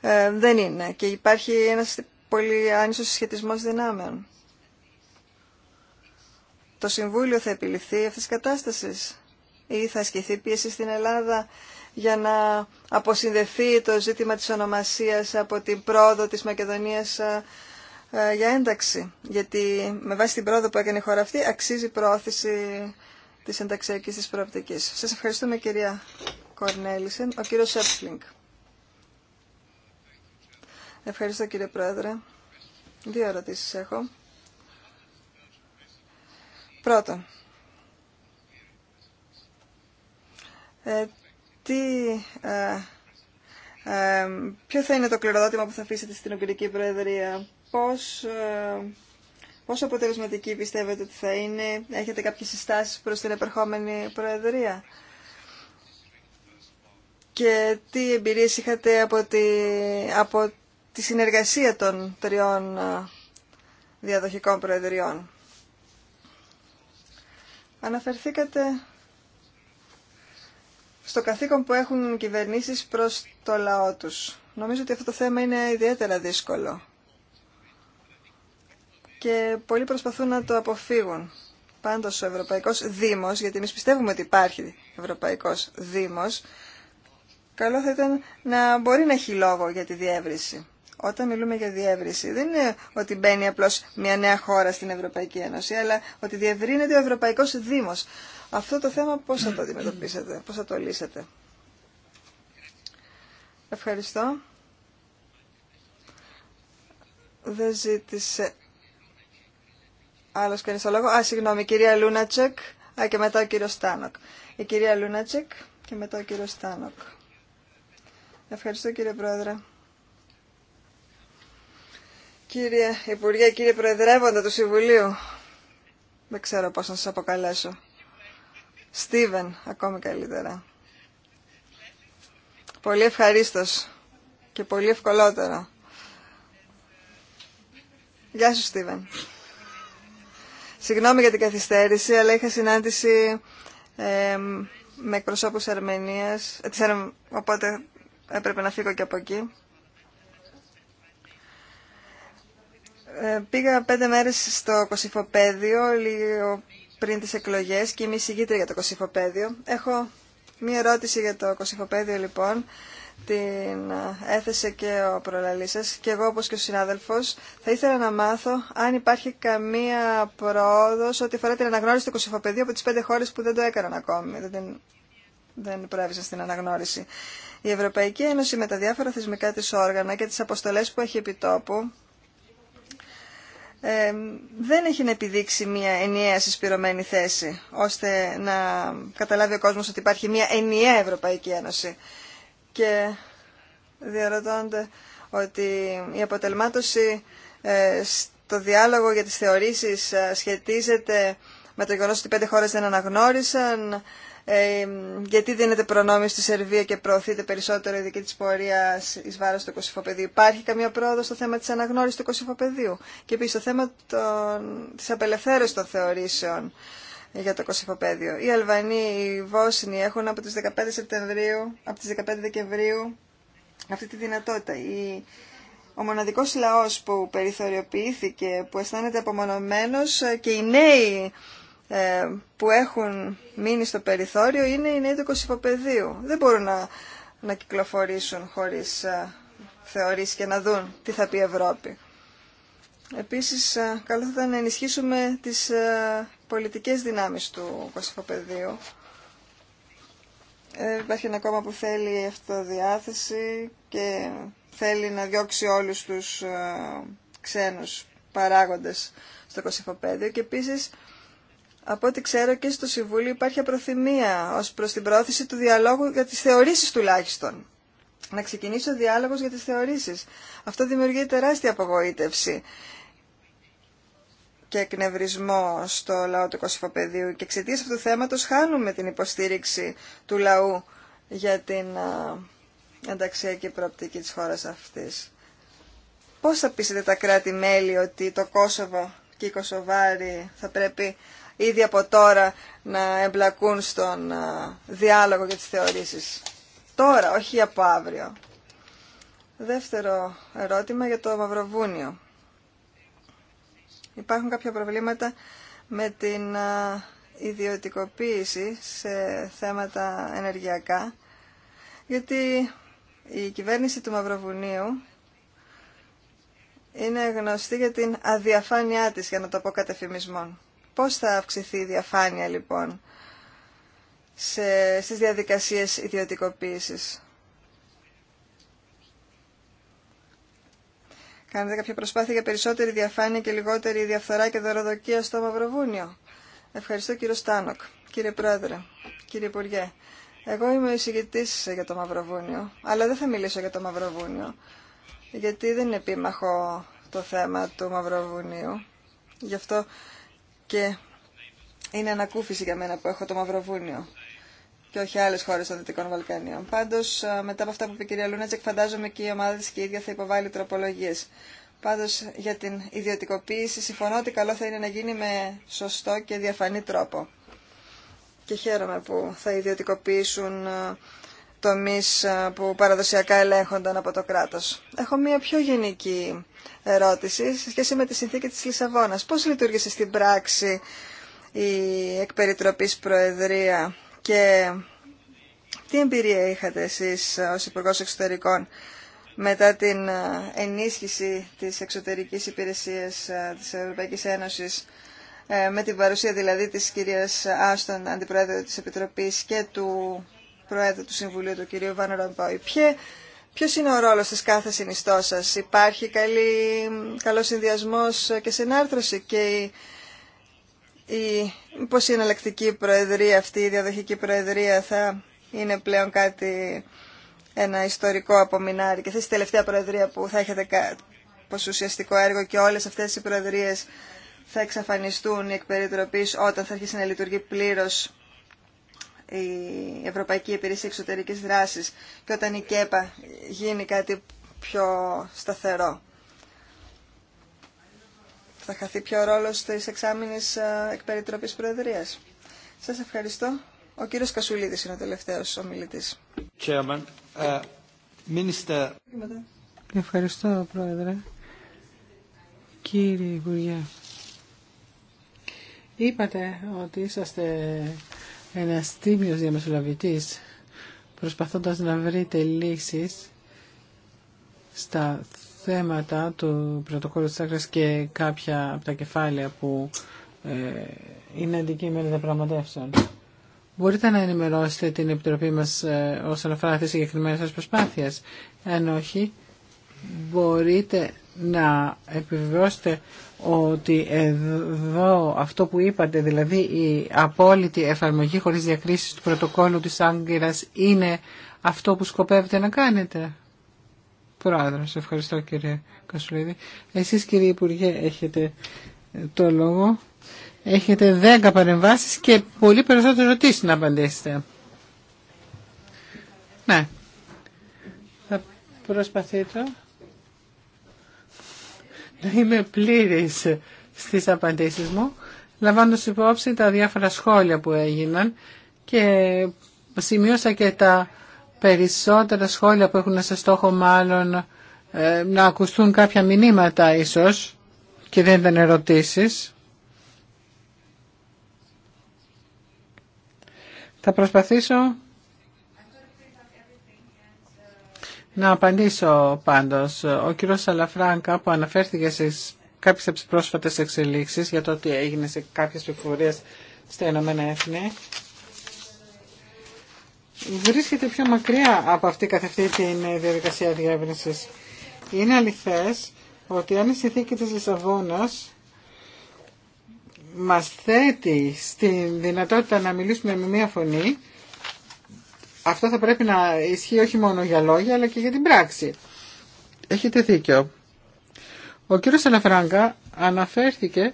ε, δεν είναι και υπάρχει ένας πολύ άνισος συσχετισμός δυνάμεων το Συμβούλιο θα επιληφθεί αυτής της κατάστασης ή θα ασκηθεί πίεση στην Ελλάδα για να αποσυνδεθεί το ζήτημα της ονομασίας από την πρόοδο της Μακεδονίας για ένταξη. Γιατί με βάση την πρόοδο που έκανε η χώρα αυτή αξίζει η προώθηση της ενταξιακής της προοπτικής. Σας ευχαριστούμε κυρία Κορνέλισεν. Ο κύριος Σέψλινγκ. Ευχαριστώ κύριε Πρόεδρε. Δύο ερωτήσεις έχω. Πρώτον, ε, τι, ε, ε, ποιο θα είναι το κληροδότημα που θα αφήσετε στην Ουγγρική Προεδρία, πώς, ε, πόσο αποτελεσματική πιστεύετε ότι θα είναι, έχετε κάποιες συστάσεις προς την επερχόμενη Προεδρία και τι εμπειρίες είχατε από τη, από τη συνεργασία των τριών ε, διαδοχικών προεδριών. Αναφερθήκατε στο καθήκον που έχουν κυβερνήσεις προς το λαό τους. Νομίζω ότι αυτό το θέμα είναι ιδιαίτερα δύσκολο και πολλοί προσπαθούν να το αποφύγουν. Πάντως ο Ευρωπαϊκός Δήμος, γιατί εμείς πιστεύουμε ότι υπάρχει Ευρωπαϊκός Δήμος, καλό θα ήταν να μπορεί να έχει λόγο για τη διεύρυνση. Όταν μιλούμε για διεύρυνση, δεν είναι ότι μπαίνει απλώ μια νέα χώρα στην Ευρωπαϊκή Ένωση, αλλά ότι διευρύνεται ο Ευρωπαϊκό Δήμο. Αυτό το θέμα πώ θα το αντιμετωπίσετε, πώ θα το λύσετε. Ευχαριστώ. Δεν ζήτησε άλλο κανεί το λόγο. Α, συγγνώμη, κυρία Λούνατσεκ. και μετά ο κύριο Στάνοκ. Η κυρία Λούνατσεκ και μετά ο κύριο Στάνοκ. Ευχαριστώ κύριε Πρόεδρε. Κύριε Υπουργέ, κύριε Προεδρεύοντα του Συμβουλίου, δεν ξέρω πώς να σας αποκαλέσω. Στίβεν, ακόμη καλύτερα. Πολύ ευχαρίστως και πολύ ευκολότερα. Γεια σου, Στίβεν. Συγγνώμη για την καθυστέρηση, αλλά είχα συνάντηση με εκπροσώπους Αρμενίας, ε, οπότε έπρεπε να φύγω και από εκεί. Ε, πήγα πέντε μέρες στο Κωσυφοπαίδιο, λίγο πριν τις εκλογές και είμαι εισηγήτρια για το Κωσυφοπαίδιο. Έχω μία ερώτηση για το Κωσυφοπαίδιο λοιπόν. Την ε, έθεσε και ο προλαλής σας και εγώ όπως και ο συνάδελφος θα ήθελα να μάθω αν υπάρχει καμία πρόοδος ότι αφορά την αναγνώριση του Κωσυφοπαιδίου από τις πέντε χώρες που δεν το έκαναν ακόμη, δεν, την, δεν προέβησαν στην αναγνώριση. Η Ευρωπαϊκή Ένωση με τα διάφορα θεσμικά της όργανα και τις αποστολές που έχει επιτόπου δεν έχει να επιδείξει μια ενιαία συσπηρωμένη θέση, ώστε να καταλάβει ο κόσμος ότι υπάρχει μια ενιαία Ευρωπαϊκή Ένωση. Και διαρωτώνται ότι η αποτελμάτωση ε, στο διάλογο για τις θεωρήσεις ε, σχετίζεται με το γεγονός ότι πέντε χώρες δεν αναγνώρισαν, ε, γιατί δίνεται προνόμιο στη Σερβία και προωθείται περισσότερο η δική της πορεία εις βάρος του κοσυφοπεδίου. Υπάρχει καμία πρόοδο στο θέμα της αναγνώρισης του κοσυφοπεδίου και επίσης το θέμα των, της απελευθέρωσης των θεωρήσεων για το κοσυφοπέδιο. Οι Αλβανοί, οι Βόσνοι έχουν από τις 15 Σεπτεμβρίου, από τις 15 Δεκεμβρίου αυτή τη δυνατότητα. Η, ο μοναδικός λαός που περιθωριοποιήθηκε, που αισθάνεται απομονωμένος ε, και οι νέοι ε, που έχουν μείνει στο περιθώριο είναι οι νέοι του Δεν μπορούν να, να κυκλοφορήσουν χωρίς ε, θεωρήσει και να δουν τι θα πει η Ευρώπη. Επίσης, ε, καλό θα ήταν να ενισχύσουμε τις πολιτικές δυνάμεις του κοσυφοπεδίου. Υπάρχει ένα κόμμα που θέλει αυτοδιάθεση και θέλει να διώξει όλους τους ξένους παράγοντες στο κοσυφοπέδιο και επίσης από ό,τι ξέρω και στο Συμβούλιο υπάρχει απροθυμία ως προς την πρόθεση του διαλόγου για τις θεωρήσεις τουλάχιστον. Να ξεκινήσει ο διάλογος για τις θεωρήσεις. Αυτό δημιουργεί τεράστια απογοήτευση και εκνευρισμό στο λαό του Κωσυφοπεδίου και εξαιτία αυτού του θέματος χάνουμε την υποστήριξη του λαού για την ενταξιακή προοπτική της χώρας αυτής. Πώς θα πείσετε τα κράτη-μέλη ότι το Κόσοβο και οι Κωσοβάροι θα πρέπει ήδη από τώρα να εμπλακούν στον διάλογο για τις θεωρήσεις. Τώρα, όχι από αύριο. Δεύτερο ερώτημα για το Μαυροβούνιο. Υπάρχουν κάποια προβλήματα με την ιδιωτικοποίηση σε θέματα ενεργειακά, γιατί η κυβέρνηση του Μαυροβουνίου είναι γνωστή για την αδιαφάνειά της, για να το πω κατεφημισμών. Πώς θα αυξηθεί η διαφάνεια λοιπόν σε, στις διαδικασίες ιδιωτικοποίησης. Κάνετε κάποια προσπάθεια για περισσότερη διαφάνεια και λιγότερη διαφθορά και δωροδοκία στο Μαυροβούνιο. Ευχαριστώ κύριο Στάνοκ, κύριε Πρόεδρε, κύριε Υπουργέ. Εγώ είμαι ο εισηγητής για το Μαυροβούνιο, αλλά δεν θα μιλήσω για το Μαυροβούνιο, γιατί δεν είναι επίμαχο το θέμα του Μαυροβουνίου. Γι' αυτό και είναι ανακούφιση για μένα που έχω το Μαυροβούνιο και όχι άλλε χώρε των Δυτικών Βαλκανίων. Πάντω, ε, μετά από αυτά που είπε η κυρία Λούνατζεκ, φαντάζομαι και η ομάδα τη και η ίδια θα υποβάλει τροπολογίε. Πάντω, για την ιδιωτικοποίηση, συμφωνώ ότι καλό θα είναι να γίνει με σωστό και διαφανή τρόπο. Και χαίρομαι που θα ιδιωτικοποιήσουν ε, τομείς που παραδοσιακά ελέγχονταν από το κράτος. Έχω μία πιο γενική ερώτηση σε σχέση με τη συνθήκη της Λισαβόνας. Πώς λειτουργήσε στην πράξη η εκπεριτροπής Προεδρία και τι εμπειρία είχατε εσείς ως Υπουργός Εξωτερικών μετά την ενίσχυση της εξωτερικής υπηρεσίας της Ευρωπαϊκής Ένωσης ε, με την παρουσία δηλαδή της κυρίας Άστον, αντιπρόεδρο της Επιτροπής και του Προέδρου του Συμβουλίου, του κ. Βαν Ρομπόη. Ποιο είναι ο ρόλο τη κάθε σα, Υπάρχει καλή, καλός συνδυασμός και συνάρθρωση και η, η, πώς η εναλλακτική προεδρία αυτή, η διαδοχική προεδρία θα είναι πλέον κάτι, ένα ιστορικό απομεινάρι και θα είστε η τελευταία προεδρία που θα έχετε πως ουσιαστικό έργο και όλες αυτές οι προεδρίες θα εξαφανιστούν οι εκπεριτροπής όταν θα αρχίσει να λειτουργεί πλήρως η Ευρωπαϊκή Υπηρεσία Εξωτερικής Δράσης και όταν η ΚΕΠΑ γίνει κάτι πιο σταθερό. Θα χαθεί πιο ρόλο της εξάμεινε εκπεριτροπής Προεδρίας. Σας ευχαριστώ. Ο κύριος Κασουλίδης είναι ο τελευταίος ομιλητής. Chairman, ε, Ευχαριστώ, Πρόεδρε. Κύριε Υπουργέ, είπατε ότι είσαστε ένας τίμιος διαμεσολαβητής προσπαθώντας να βρείτε λύσεις στα θέματα του πρωτοκόλλου της άκρας και κάποια από τα κεφάλαια που ε, είναι αντικείμενα διαπραγματεύσεων. Μπορείτε να ενημερώσετε την Επιτροπή μας ε, όσον αφορά τις συγκεκριμένες σας προσπάθειες. Αν όχι, μπορείτε να επιβεβαιώσετε ότι εδώ αυτό που είπατε, δηλαδή η απόλυτη εφαρμογή χωρίς διακρίσεις του πρωτοκόλλου της Άγκυρας είναι αυτό που σκοπεύετε να κάνετε. Σε ευχαριστώ κύριε Κασουλίδη. Εσείς κύριε Υπουργέ έχετε το λόγο. Έχετε δέκα παρεμβάσεις και πολύ περισσότερο ρωτήσεις να απαντήσετε. Ναι. Θα προσπαθείτε είμαι πλήρης στις απαντήσεις μου, λαμβάνοντας υπόψη τα διάφορα σχόλια που έγιναν και σημείωσα και τα περισσότερα σχόλια που έχουν σε στόχο μάλλον ε, να ακουστούν κάποια μηνύματα ίσως και δεν ήταν ερωτήσεις. Θα προσπαθήσω Να απαντήσω πάντως. Ο κύριος Σαλαφράγκα που αναφέρθηκε σε κάποιες από τις πρόσφατες εξελίξεις για το ότι έγινε σε κάποιες πληροφορίες στα Ηνωμένα Έθνη βρίσκεται πιο μακριά από αυτή καθ' αυτή την διαδικασία διεύρυνσης. Είναι αληθές ότι αν η συνθήκη της Λισαβόνας μας θέτει στην δυνατότητα να μιλήσουμε με μία φωνή, αυτό θα πρέπει να ισχύει όχι μόνο για λόγια αλλά και για την πράξη. Έχετε δίκιο. Ο κύριος Αλαφράγκα αναφέρθηκε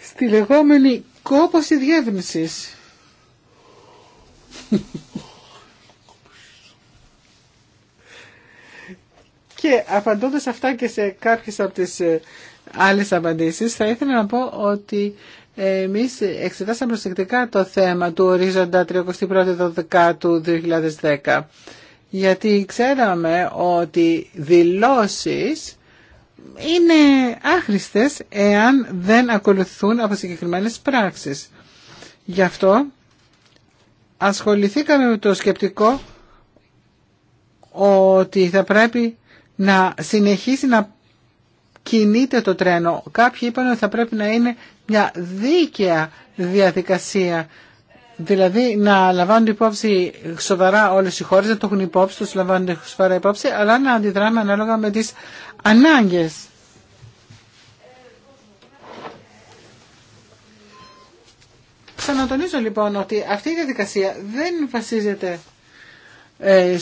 στη λεγόμενη κόπωση διεύνησης. και απαντώντας αυτά και σε κάποιες από τις ε, άλλες απαντήσεις θα ήθελα να πω ότι Εμεί εξετάσαμε προσεκτικά το θέμα του ορίζοντα 31 του 2010 γιατί ξέραμε ότι δηλώσεις είναι άχρηστες εάν δεν ακολουθούν από συγκεκριμένες πράξεις. Γι' αυτό ασχοληθήκαμε με το σκεπτικό ότι θα πρέπει να συνεχίσει να κινείται το τρένο. Κάποιοι είπαν ότι θα πρέπει να είναι μια δίκαια διαδικασία. Δηλαδή να λαμβάνουν υπόψη σοβαρά όλες οι χώρες, να το έχουν υπόψη, τους λαμβάνουν σοβαρά υπόψη, αλλά να αντιδράμε ανάλογα με τις ανάγκες. Ξανατονίζω λοιπόν ότι αυτή η διαδικασία δεν βασίζεται ε,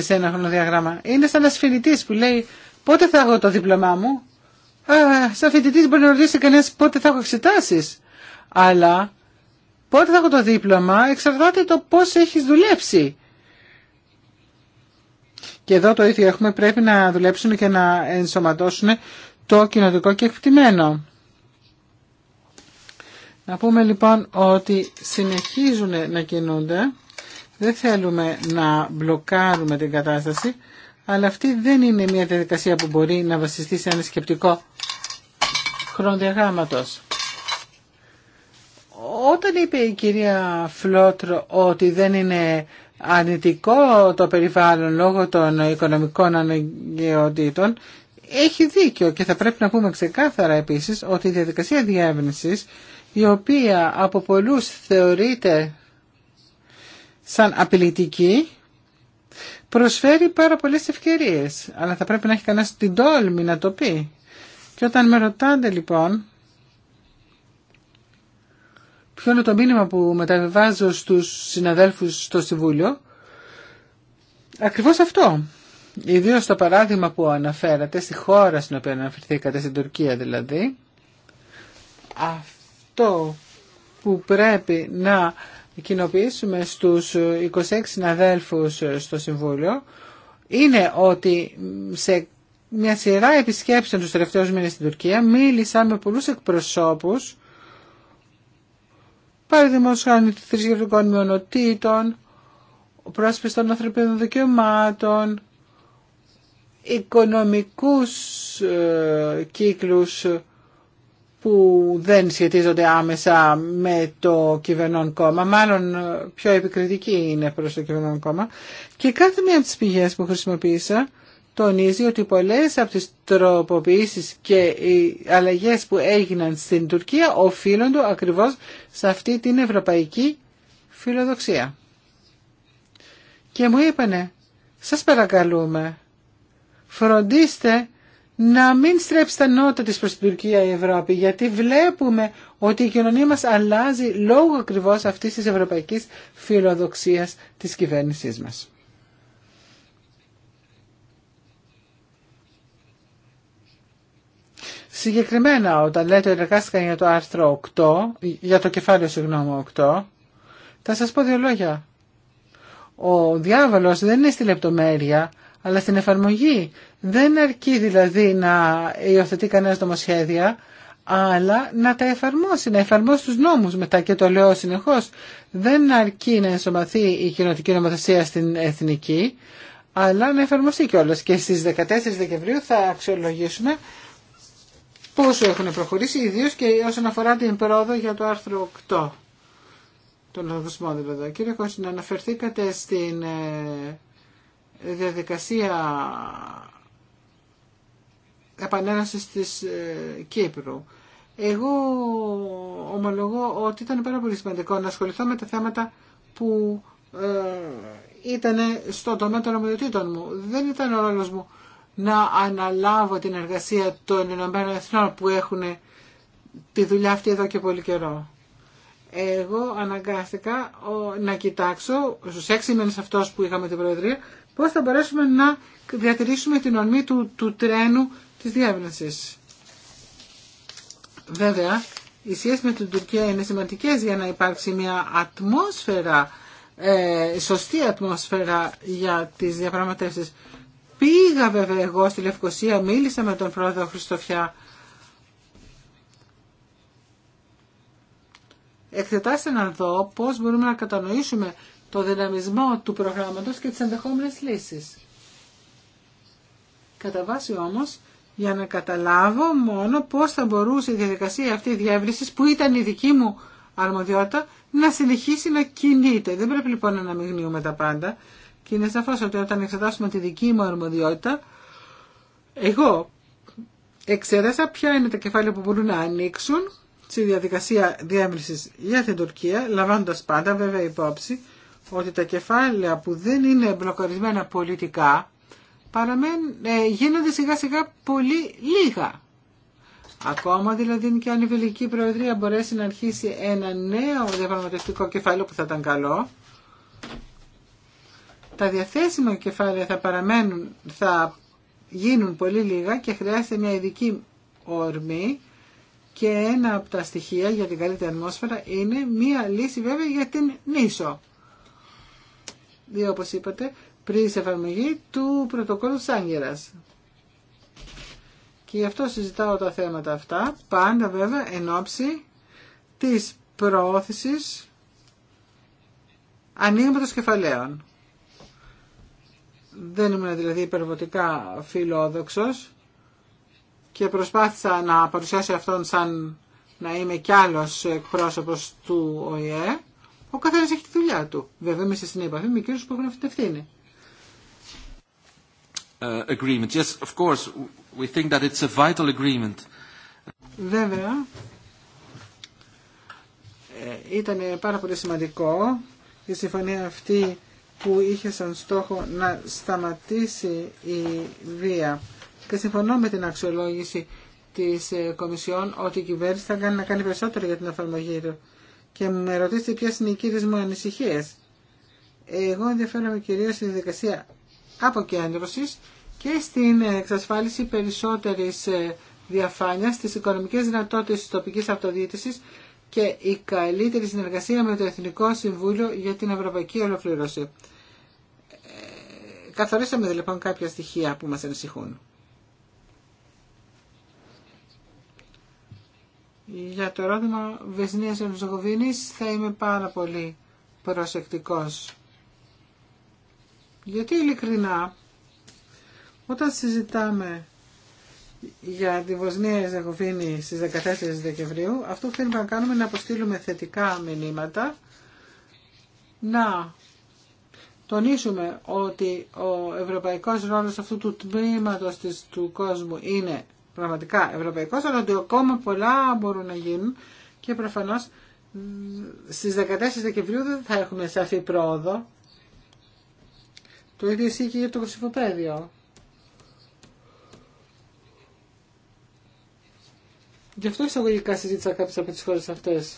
σε ένα χρονοδιαγράμμα. Είναι σαν ένα φοιτητή που λέει πότε θα έχω το δίπλωμά μου σαν φοιτητή μπορεί να ρωτήσει κανένα πότε θα έχω εξετάσει. Αλλά πότε θα έχω το δίπλωμα εξαρτάται το πώ έχει δουλέψει. Και εδώ το ίδιο έχουμε πρέπει να δουλέψουν και να ενσωματώσουν το κοινοτικό και εκτιμένο. Να πούμε λοιπόν ότι συνεχίζουν να κινούνται. Δεν θέλουμε να μπλοκάρουμε την κατάσταση αλλά αυτή δεν είναι μια διαδικασία που μπορεί να βασιστεί σε ένα σκεπτικό χρονοδιαγράμματος. Όταν είπε η κυρία Φλότρο ότι δεν είναι αρνητικό το περιβάλλον λόγω των οικονομικών αναγκαιοτήτων, έχει δίκιο και θα πρέπει να πούμε ξεκάθαρα επίσης ότι η διαδικασία διεύρυνσης η οποία από πολλούς θεωρείται σαν απειλητική προσφέρει πάρα πολλές ευκαιρίες, αλλά θα πρέπει να έχει κανένας την τόλμη να το πει. Και όταν με ρωτάτε λοιπόν ποιο είναι το μήνυμα που μεταβιβάζω στους συναδέλφους στο Συμβούλιο, ακριβώς αυτό. Ιδίως το παράδειγμα που αναφέρατε, στη χώρα στην οποία αναφερθήκατε, στην Τουρκία δηλαδή, αυτό που πρέπει να κοινοποιήσουμε στους 26 συναδέλφους ε, στο Συμβούλιο είναι ότι σε μια σειρά επισκέψεων τους τελευταίους μήνες στην Τουρκία μίλησα με πολλούς εκπροσώπους παραδείγματος χάνει θρησκευτικών μειονοτήτων, πρόσπιση των ανθρωπίνων δικαιωμάτων, οικονομικούς ε, κύκλους που δεν σχετίζονται άμεσα με το κυβερνόν κόμμα, μάλλον πιο επικριτική είναι προς το κυβερνόν κόμμα. Και κάθε μία από τις πηγές που χρησιμοποίησα τονίζει ότι πολλές από τις τροποποιήσεις και οι αλλαγές που έγιναν στην Τουρκία οφείλονται ακριβώς σε αυτή την ευρωπαϊκή φιλοδοξία. Και μου είπανε, σας παρακαλούμε, φροντίστε να μην στρέψει τα νότα της προς την Τουρκία η Ευρώπη, γιατί βλέπουμε ότι η κοινωνία μας αλλάζει λόγω ακριβώς αυτής της ευρωπαϊκής φιλοδοξίας της κυβέρνησής μας. Συγκεκριμένα όταν λέτε εργάστηκαν για το άρθρο 8, για το κεφάλαιο συγγνώμη 8, θα σας πω δύο λόγια. Ο διάβολος δεν είναι στη λεπτομέρεια, αλλά στην εφαρμογή. Δεν αρκεί δηλαδή να υιοθετεί κανένα νομοσχέδια, αλλά να τα εφαρμόσει, να εφαρμόσει τους νόμους μετά και το λέω συνεχώς. Δεν αρκεί να ενσωμαθεί η κοινωτική νομοθεσία στην εθνική, αλλά να εφαρμοστεί κιόλα. Και στις 14 Δεκεμβρίου θα αξιολογήσουμε πόσο έχουν προχωρήσει, ιδίως και όσον αφορά την πρόοδο για το άρθρο 8. Τον λογισμό δηλαδή. Κύριε Κώστα, αναφερθήκατε στην ε, διαδικασία επανένασης της ε, Κύπρου. Εγώ ομολογώ ότι ήταν πάρα πολύ σημαντικό να ασχοληθώ με τα θέματα που ε, ήταν στο τομέα των ομοιοτήτων μου. Δεν ήταν ο ρόλος μου να αναλάβω την εργασία των Ηνωμένων Εθνών που έχουν τη δουλειά αυτή εδώ και πολύ καιρό. Εγώ αναγκάστηκα να κοιτάξω στους έξι μήνες αυτός που είχαμε την Προεδρία πώς θα μπορέσουμε να διατηρήσουμε την ορμή του, τρένου της διεύνασης. Βέβαια, οι σχέσεις με την Τουρκία είναι σημαντικές για να υπάρξει μια ατμόσφαιρα, ε, σωστή ατμόσφαιρα για τις διαπραγματεύσεις. Πήγα βέβαια εγώ στη Λευκοσία, μίλησα με τον πρόεδρο Χριστοφιά. Εξετάστε να δω πώς μπορούμε να κατανοήσουμε το δυναμισμό του προγράμματος και τις ενδεχόμενες λύσεις. Κατά βάση όμως, για να καταλάβω μόνο πώς θα μπορούσε η διαδικασία αυτή διεύρυνσης που ήταν η δική μου αρμοδιότητα να συνεχίσει να κινείται. Δεν πρέπει λοιπόν να αναμειγνύουμε τα πάντα και είναι σαφώς ότι όταν εξετάσουμε τη δική μου αρμοδιότητα εγώ εξέτασα ποια είναι τα κεφάλαια που μπορούν να ανοίξουν στη διαδικασία διεύρυνσης για την Τουρκία λαμβάνοντα πάντα βέβαια υπόψη ότι τα κεφάλαια που δεν είναι μπλοκαρισμένα πολιτικά παραμένουν, ε, γίνονται σιγά σιγά πολύ λίγα. Ακόμα δηλαδή και αν η Βελγική Προεδρία μπορέσει να αρχίσει ένα νέο διαπραγματευτικό κεφάλαιο που θα ήταν καλό, τα διαθέσιμα κεφάλαια θα παραμένουν, θα γίνουν πολύ λίγα και χρειάζεται μια ειδική ορμή και ένα από τα στοιχεία για την καλύτερη ατμόσφαιρα είναι μια λύση βέβαια για την νήσο ή όπως είπατε πριν σε εφαρμογή του πρωτοκόλλου της Και γι' αυτό συζητάω τα θέματα αυτά, πάντα βέβαια εν ώψη της προώθησης ανοίγματος κεφαλαίων. Δεν ήμουν δηλαδή υπερβοτικά φιλόδοξος και προσπάθησα να παρουσιάσω αυτόν σαν να είμαι κι άλλος εκπρόσωπος του ΟΗΕ ο καθένα έχει τη δουλειά του. Βέβαια είμαστε στην επαφή με εκείνου που έχουν αυτή την ευθύνη. Βέβαια, ε, ήταν πάρα πολύ σημαντικό η συμφωνία αυτή που είχε σαν στόχο να σταματήσει η βία. Και συμφωνώ με την αξιολόγηση της ε, Κομισιόν ότι η κυβέρνηση θα κάνει να κάνει περισσότερο για την εφαρμογή του και με ρωτήσετε ποιε είναι οι κύριε μου ανησυχίε. Εγώ ενδιαφέρομαι κυρίω στη διαδικασία αποκέντρωση και στην εξασφάλιση περισσότερη ε, διαφάνεια στι οικονομικέ δυνατότητε τη τοπική αυτοδιοίκησης και η καλύτερη συνεργασία με το Εθνικό Συμβούλιο για την Ευρωπαϊκή Ολοκλήρωση. Ε, καθορίσαμε λοιπόν κάποια στοιχεία που μας ανησυχούν. Για το ερώτημα Βεσνίας Ερζογοβίνης θα είμαι πάρα πολύ προσεκτικός. Γιατί ειλικρινά όταν συζητάμε για τη Βοσνία Ερζεγοβίνη στις 14 Δεκεμβρίου, αυτό που θέλουμε να κάνουμε είναι να αποστείλουμε θετικά μηνύματα, να τονίσουμε ότι ο ευρωπαϊκός ρόλος αυτού του τμήματος του κόσμου είναι πραγματικά ευρωπαϊκός, αλλά ότι ακόμα πολλά μπορούν να γίνουν και προφανώς στις 14 Δεκεμβρίου δεν θα έχουμε σαφή πρόοδο. Το ίδιο ισχύει και για το κοσυφοπαίδιο. Γι' αυτό εισαγωγικά συζήτησα κάποιες από τις χώρες αυτές.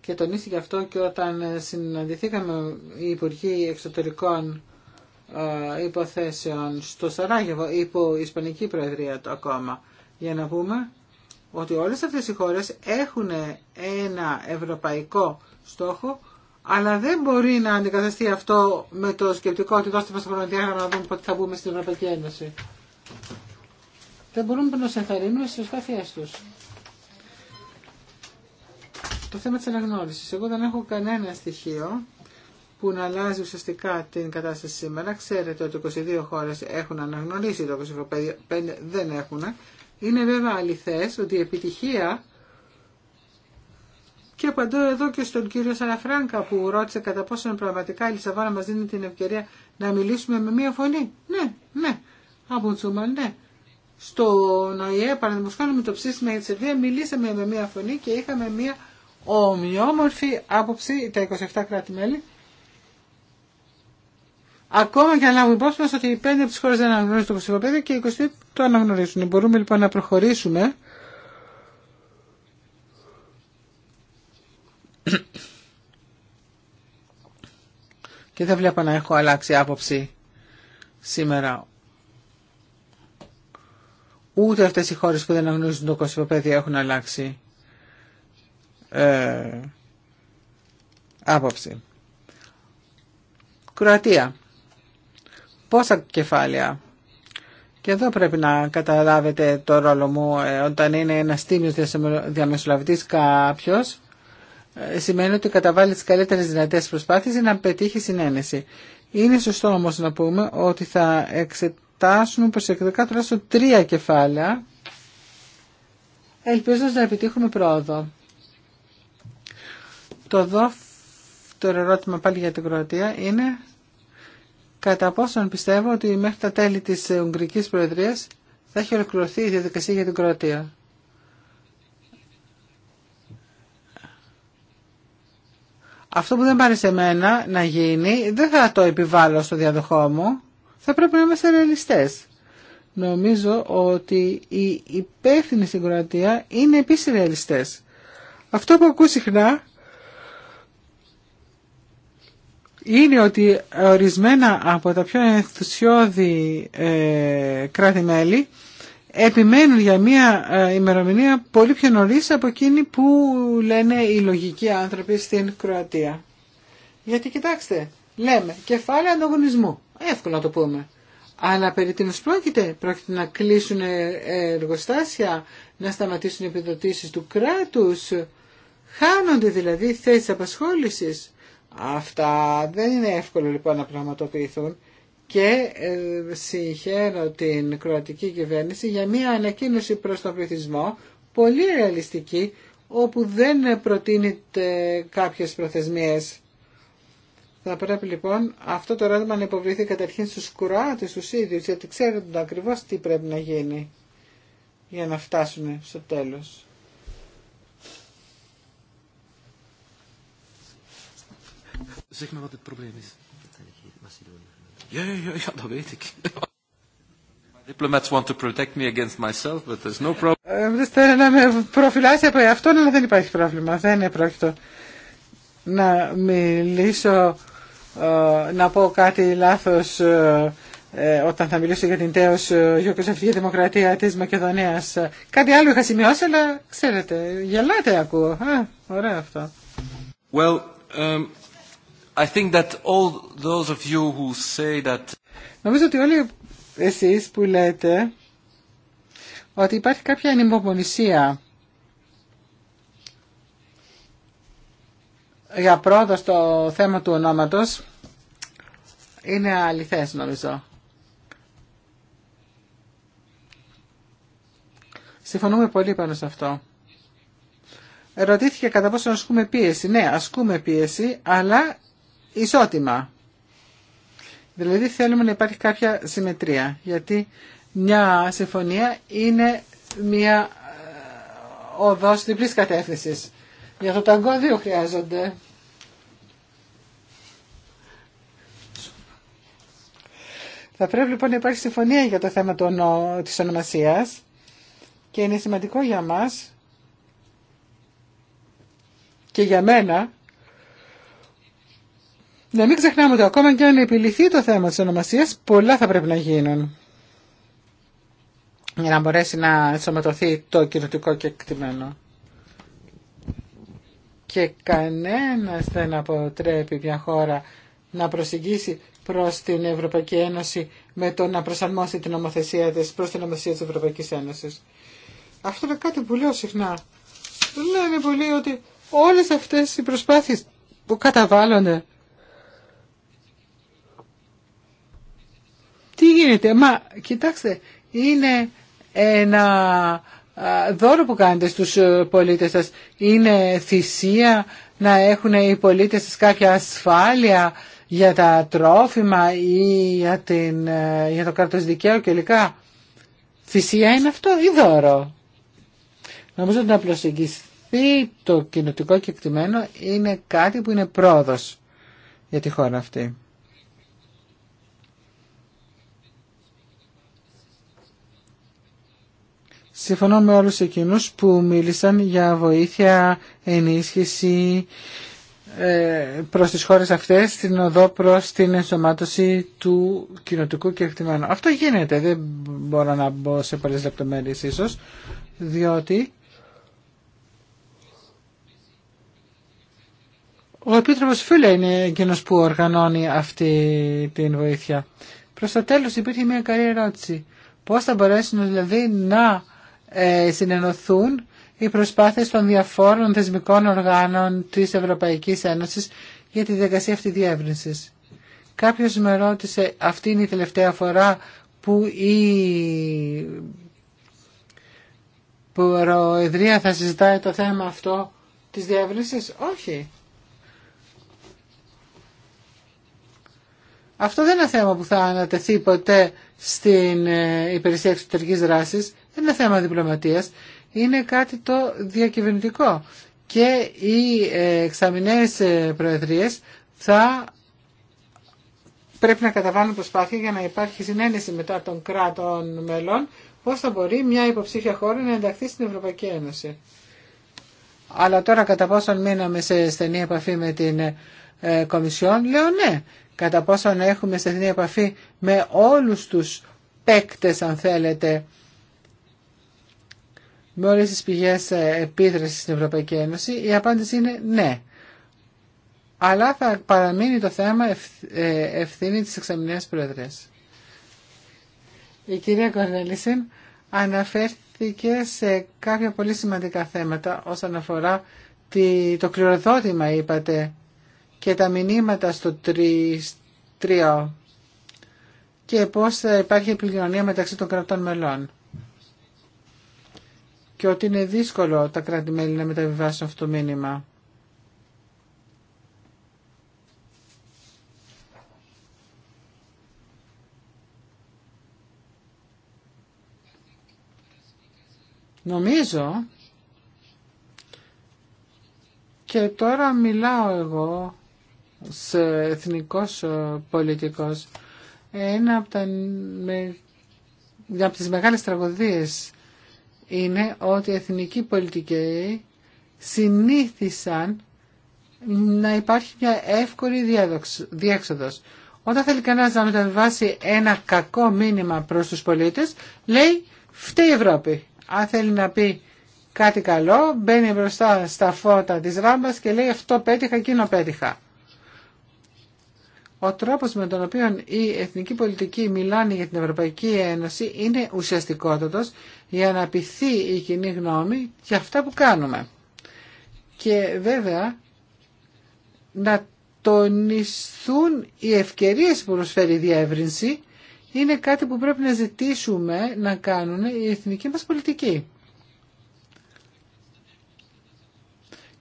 Και τονίστηκε αυτό και όταν συναντηθήκαμε οι Υπουργοί Εξωτερικών ε, υποθέσεων στο Σαράγεβο υπό Ισπανική Προεδρία το ακόμα. Για να πούμε ότι όλες αυτές οι χώρες έχουν ένα ευρωπαϊκό στόχο αλλά δεν μπορεί να αντικαταστεί αυτό με το σκεπτικό ότι δώστε μας το χρονοδιάγραμμα να δούμε πότε θα μπούμε στην Ευρωπαϊκή Ένωση. Δεν μπορούμε να σε ενθαρρύνουμε στις προσπάθειές τους. Το θέμα της αναγνώρισης. Εγώ δεν έχω κανένα στοιχείο που να αλλάζει ουσιαστικά την κατάσταση σήμερα. Ξέρετε ότι 22 χώρε έχουν αναγνωρίσει το 25, 5 δεν έχουν. Είναι βέβαια αληθέ ότι η επιτυχία και απαντώ εδώ και στον κύριο Σαραφράγκα που ρώτησε κατά πόσο πραγματικά η Λισαβόνα μα δίνει την ευκαιρία να μιλήσουμε με μία φωνή. Ναι, ναι. Από τσούμα, ναι. Στο ΝΟΙΕ, παραδείγματος το ψήφισμα για τη Σερβία, μιλήσαμε με μία φωνή και είχαμε μία ομοιόμορφη άποψη τα 27 κράτη-μέλη Ακόμα και να λάβουμε υπόψη μας ότι οι πέντε από τις χώρες δεν αναγνωρίζουν το κοσυφοπέδιο και οι 20 το αναγνωρίζουν. Μπορούμε λοιπόν να προχωρήσουμε και δεν βλέπω να έχω αλλάξει άποψη σήμερα. Ούτε αυτές οι χώρες που δεν αναγνωρίζουν το κοσυφοπέδιο έχουν αλλάξει ε, άποψη. Κροατία πόσα κεφάλαια. Και εδώ πρέπει να καταλάβετε το ρόλο μου ε, όταν είναι ένας τίμιος διαμεσολαβητής κάποιος ε, σημαίνει ότι καταβάλει τι καλύτερε δυνατές προσπάθειες για να πετύχει συνένεση. Είναι σωστό όμω να πούμε ότι θα εξετάσουμε προσεκτικά τουλάχιστον τρία κεφάλαια Ελπίζω να επιτύχουμε πρόοδο. Το δεύτερο ερώτημα πάλι για την Κροατία είναι κατά πόσον πιστεύω ότι μέχρι τα τέλη της Ουγγρικής Προεδρίας θα έχει ολοκληρωθεί η διαδικασία για την Κροατία. Αυτό που δεν πάρει σε μένα να γίνει δεν θα το επιβάλλω στο διαδοχό μου. Θα πρέπει να είμαστε ρεαλιστές. Νομίζω ότι οι υπεύθυνοι στην Κροατία είναι επίσης ρεαλιστές. Αυτό που ακούω συχνά είναι ότι ορισμένα από τα πιο ενθουσιώδη ε, κράτη-μέλη επιμένουν για μια ε, ημερομηνία πολύ πιο νωρίς από εκείνη που λένε οι λογικοί άνθρωποι στην Κροατία. Γιατί κοιτάξτε, λέμε κεφάλαιο ανταγωνισμού, εύκολο να το πούμε. Αλλά περί τίνος πρόκειται, πρόκειται να κλείσουν ε, εργοστάσια, να σταματήσουν επιδοτήσεις του κράτους, χάνονται δηλαδή θέσεις απασχόλησης. Αυτά δεν είναι εύκολο λοιπόν να πραγματοποιηθούν και ε, συγχαίρω την κροατική κυβέρνηση για μια ανακοίνωση προς τον πληθυσμό πολύ ρεαλιστική όπου δεν προτείνεται κάποιες προθεσμίες. Θα πρέπει λοιπόν αυτό το ρόδιμα να υποβληθεί καταρχήν στους κροάτες, τους ίδιους, γιατί ξέρουν ακριβώς τι πρέπει να γίνει για να φτάσουν στο τέλος. Zeg me wat het probleem is. Ja, ja, ja, ja, dat weet ik. *laughs* Diplomats want to protect me against myself, but there's no problem. να με προφυλάσει από αυτόν, αλλά δεν υπάρχει πρόβλημα. Δεν είναι πρόκειτο να μιλήσω, ε, να πω κάτι λάθος ε, ε, όταν θα μιλήσω για την τέος γεωκοσοφική Δημοκρατία της Μακεδονίας. Κάτι άλλο είχα σημειώσει, αλλά ξέρετε, γελάτε ακούω. Α, ωραία αυτό. Well, um... Νομίζω ότι όλοι εσείς που λέτε ότι υπάρχει κάποια ανυπομονησία για πρώτα στο θέμα του ονόματος είναι αληθές νομίζω. Συμφωνούμε πολύ πάνω σε αυτό. ερωτήθηκε κατά πόσο ασκούμε πίεση. Ναι, ασκούμε πίεση, αλλά ισότιμα. Δηλαδή θέλουμε να υπάρχει κάποια συμμετρία, γιατί μια συμφωνία είναι μια ε, οδός διπλής κατεύθυνσης. Για το ταγκό δύο χρειάζονται. Θα πρέπει λοιπόν να υπάρχει συμφωνία για το θέμα των της ονομασίας και είναι σημαντικό για μας και για μένα να μην ξεχνάμε ότι ακόμα και αν επιληθεί το θέμα της ονομασίας, πολλά θα πρέπει να γίνουν για να μπορέσει να ενσωματωθεί το κοινωτικό κεκτημένο. Και κανένας δεν αποτρέπει μια χώρα να προσεγγίσει προς την Ευρωπαϊκή Ένωση με το να προσαρμόσει την ομοθεσία της προς την Ομοθεσία της Ευρωπαϊκής Ένωσης. Αυτό είναι κάτι που λέω συχνά. Λένε πολύ ότι όλες αυτές οι προσπάθειες που καταβάλλονται Τι γίνεται, μα κοιτάξτε, είναι ένα δώρο που κάνετε στους ε, πολίτες σας. Είναι θυσία να έχουν οι πολίτες σας κάποια ασφάλεια για τα τρόφιμα ή για, την, ε, για το κράτος δικαίου κλπ. Θυσία είναι αυτό ή δώρο. Νομίζω ότι να προσεγγιστεί το κοινοτικό κεκτημένο είναι κάτι που είναι πρόοδος για τη χώρα αυτή. Συμφωνώ με όλους εκείνους που μίλησαν για βοήθεια, ενίσχυση ε, προς τις χώρες αυτές στην οδό προς την ενσωμάτωση του κοινοτικού κεκτημένου. Αυτό γίνεται, δεν μπορώ να μπω σε πολλές λεπτομέρειες ίσως, διότι ο Επίτροπος Φίλε είναι εκείνος που οργανώνει αυτή την βοήθεια. Προς το τέλος υπήρχε μια καλή ερώτηση. Πώς θα μπορέσουν δηλαδή να ε, συνενωθούν οι προσπάθειες των διαφόρων θεσμικών οργάνων της Ευρωπαϊκής Ένωσης για τη διαδικασία αυτή διεύρυνσης. Κάποιος με ρώτησε, αυτή είναι η τελευταία φορά που η Προεδρία θα συζητάει το θέμα αυτό της διεύρυνσης. Όχι. Αυτό δεν είναι θέμα που θα ανατεθεί ποτέ στην ε, υπηρεσία εξωτερικής δράσης. Δεν είναι θέμα διπλωματίας, είναι κάτι το διακυβερνητικό. Και οι ε, εξαμηνές ε, προεδρίες θα πρέπει να καταβάλουν προσπάθεια για να υπάρχει συνένεση μετά των κράτων μελών πώς θα μπορεί μια υποψήφια χώρα να ενταχθεί στην Ευρωπαϊκή Ένωση. Αλλά τώρα κατά πόσον μείναμε σε στενή επαφή με την ε, Κομισιόν, λέω ναι. Κατά πόσον έχουμε στενή επαφή με όλους τους παίκτες, αν θέλετε, με όλε τι πηγέ ε, επίδρασης στην Ευρωπαϊκή Ένωση, η απάντηση είναι ναι. Αλλά θα παραμείνει το θέμα ε, ευθύνη της εξαμηνίας πρόεδρες. Η κυρία Κορνέλισεν αναφέρθηκε σε κάποια πολύ σημαντικά θέματα όσον αφορά το κληροδότημα, είπατε, και τα μηνύματα στο 3 και πώς υπάρχει επικοινωνία μεταξύ των κρατών μελών και ότι είναι δύσκολο τα κράτη-μέλη να μεταβιβάσουν αυτό το μήνυμα. Νομίζω και τώρα μιλάω εγώ σε εθνικός ε, πολιτικός ένα από, τα, με, από τις μεγάλες τραγωδίες είναι ότι οι εθνικοί πολιτικοί συνήθισαν να υπάρχει μια εύκολη διέξοδος. Όταν θέλει κανένας να μεταβάσει ένα κακό μήνυμα προς τους πολίτες, λέει φταίει η Ευρώπη. Αν θέλει να πει κάτι καλό, μπαίνει μπροστά στα φώτα της ράμπας και λέει αυτό πέτυχα, εκείνο πέτυχα ο τρόπος με τον οποίο η εθνική πολιτική μιλάνε για την Ευρωπαϊκή Ένωση είναι ουσιαστικότατος για να πειθεί η κοινή γνώμη για αυτά που κάνουμε. Και βέβαια να τονιστούν οι ευκαιρίες που προσφέρει η διεύρυνση είναι κάτι που πρέπει να ζητήσουμε να κάνουν οι εθνικοί μας πολιτικοί.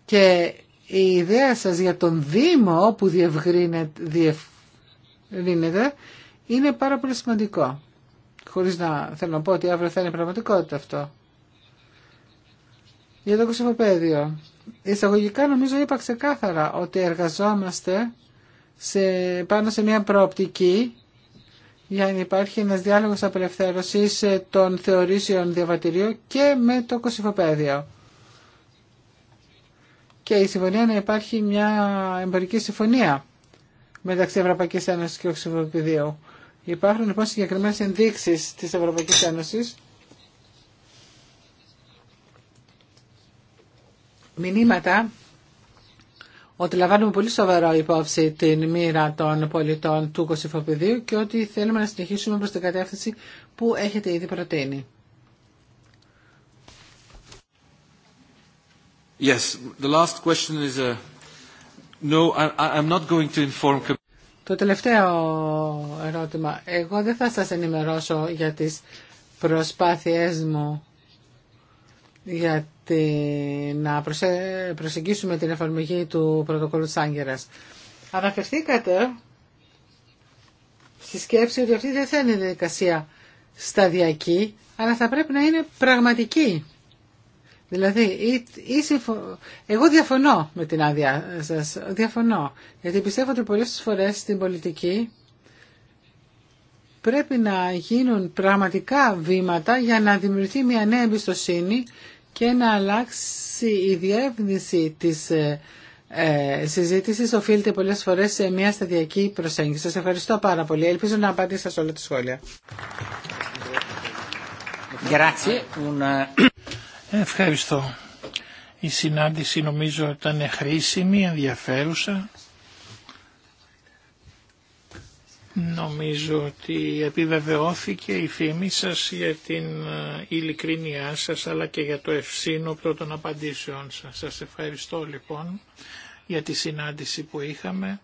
Και η ιδέα σας για τον Δήμο που διευρύνεται είναι πάρα πολύ σημαντικό. Χωρίς να θέλω να πω ότι αύριο θα είναι πραγματικότητα αυτό. Για το κοσμοπέδιο. Εισαγωγικά νομίζω είπα ξεκάθαρα ότι εργαζόμαστε σε, πάνω σε μια προοπτική για να υπάρχει ένας διάλογος απελευθέρωσης των θεωρήσεων διαβατηρίου και με το κοσυφοπαίδιο και η συμφωνία να υπάρχει μια εμπορική συμφωνία μεταξύ Ευρωπαϊκής Ένωσης και Οξυβοπηδίου. Υπάρχουν λοιπόν συγκεκριμένε ενδείξεις της Ευρωπαϊκής Ένωσης μηνύματα ότι λαμβάνουμε πολύ σοβαρό υπόψη την μοίρα των πολιτών του Κωσυφοπηδίου και ότι θέλουμε να συνεχίσουμε προς την κατεύθυνση που έχετε ήδη προτείνει. Το τελευταίο ερώτημα. Εγώ δεν θα σας ενημερώσω για τις προσπάθειές μου για να προσε... προσεγγίσουμε την εφαρμογή του πρωτοκόλλου της Άγκερας. Αναφερθήκατε στη σκέψη ότι αυτή δεν θα είναι διαδικασία σταδιακή, αλλά θα πρέπει να είναι πραγματική. Δηλαδή, ή, εγώ διαφωνώ με την άδεια σας, διαφωνώ, γιατί πιστεύω ότι πολλές φορές στην πολιτική πρέπει να γίνουν πραγματικά βήματα για να δημιουργηθεί μια νέα εμπιστοσύνη και να αλλάξει η διεύθυνση της ε, ε, συζήτησης οφείλεται πολλές φορές σε μια σταδιακή προσέγγιση. Σας ευχαριστώ πάρα πολύ. Ελπίζω να απάντησα σε όλα τα σχόλια. Ευχαριστώ. Η συνάντηση νομίζω ήταν χρήσιμη, ενδιαφέρουσα. Νομίζω ότι επιβεβαιώθηκε η φήμη σας για την ε, ειλικρίνειά σας αλλά και για το ευσύνοπτο των απαντήσεων σας. Σας ευχαριστώ λοιπόν για τη συνάντηση που είχαμε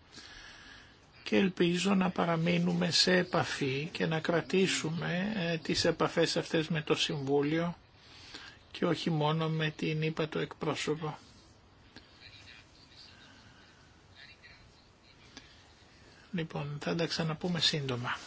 και ελπίζω να παραμείνουμε σε επαφή και να κρατήσουμε ε, τις επαφές αυτές με το Συμβούλιο και όχι μόνο με την είπα το εκπρόσωπο. Λοιπόν, θα τα ξαναπούμε σύντομα.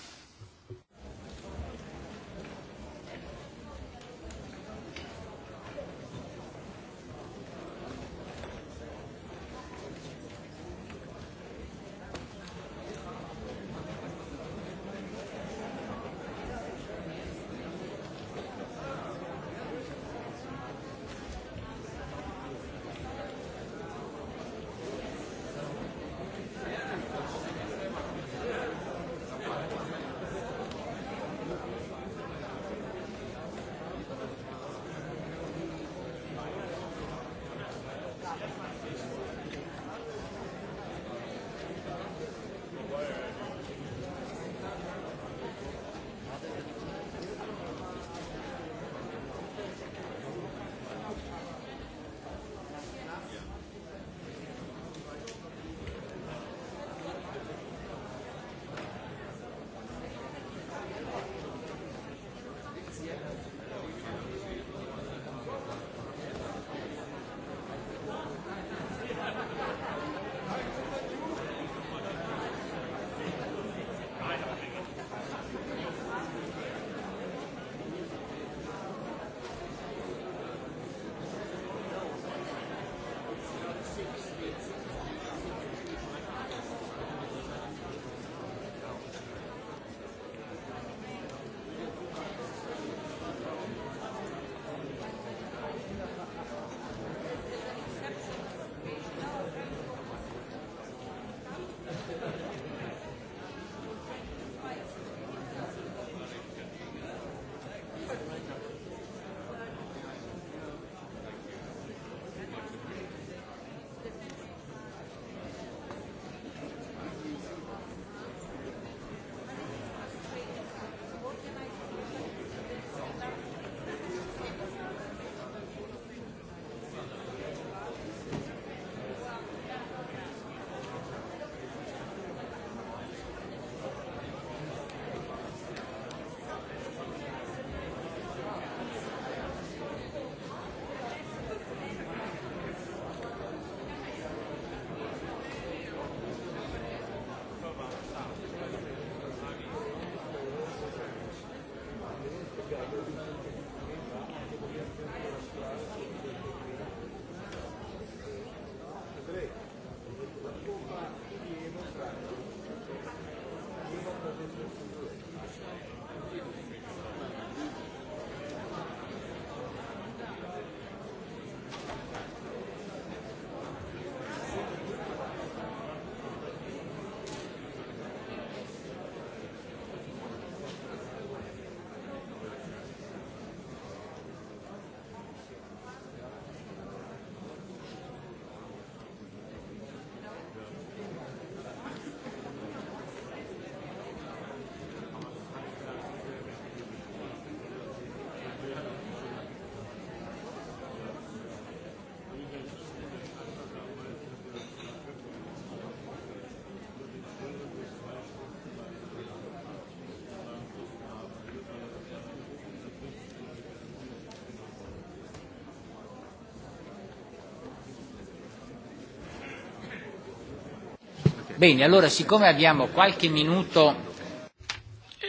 Bene, allora siccome abbiamo qualche minuto...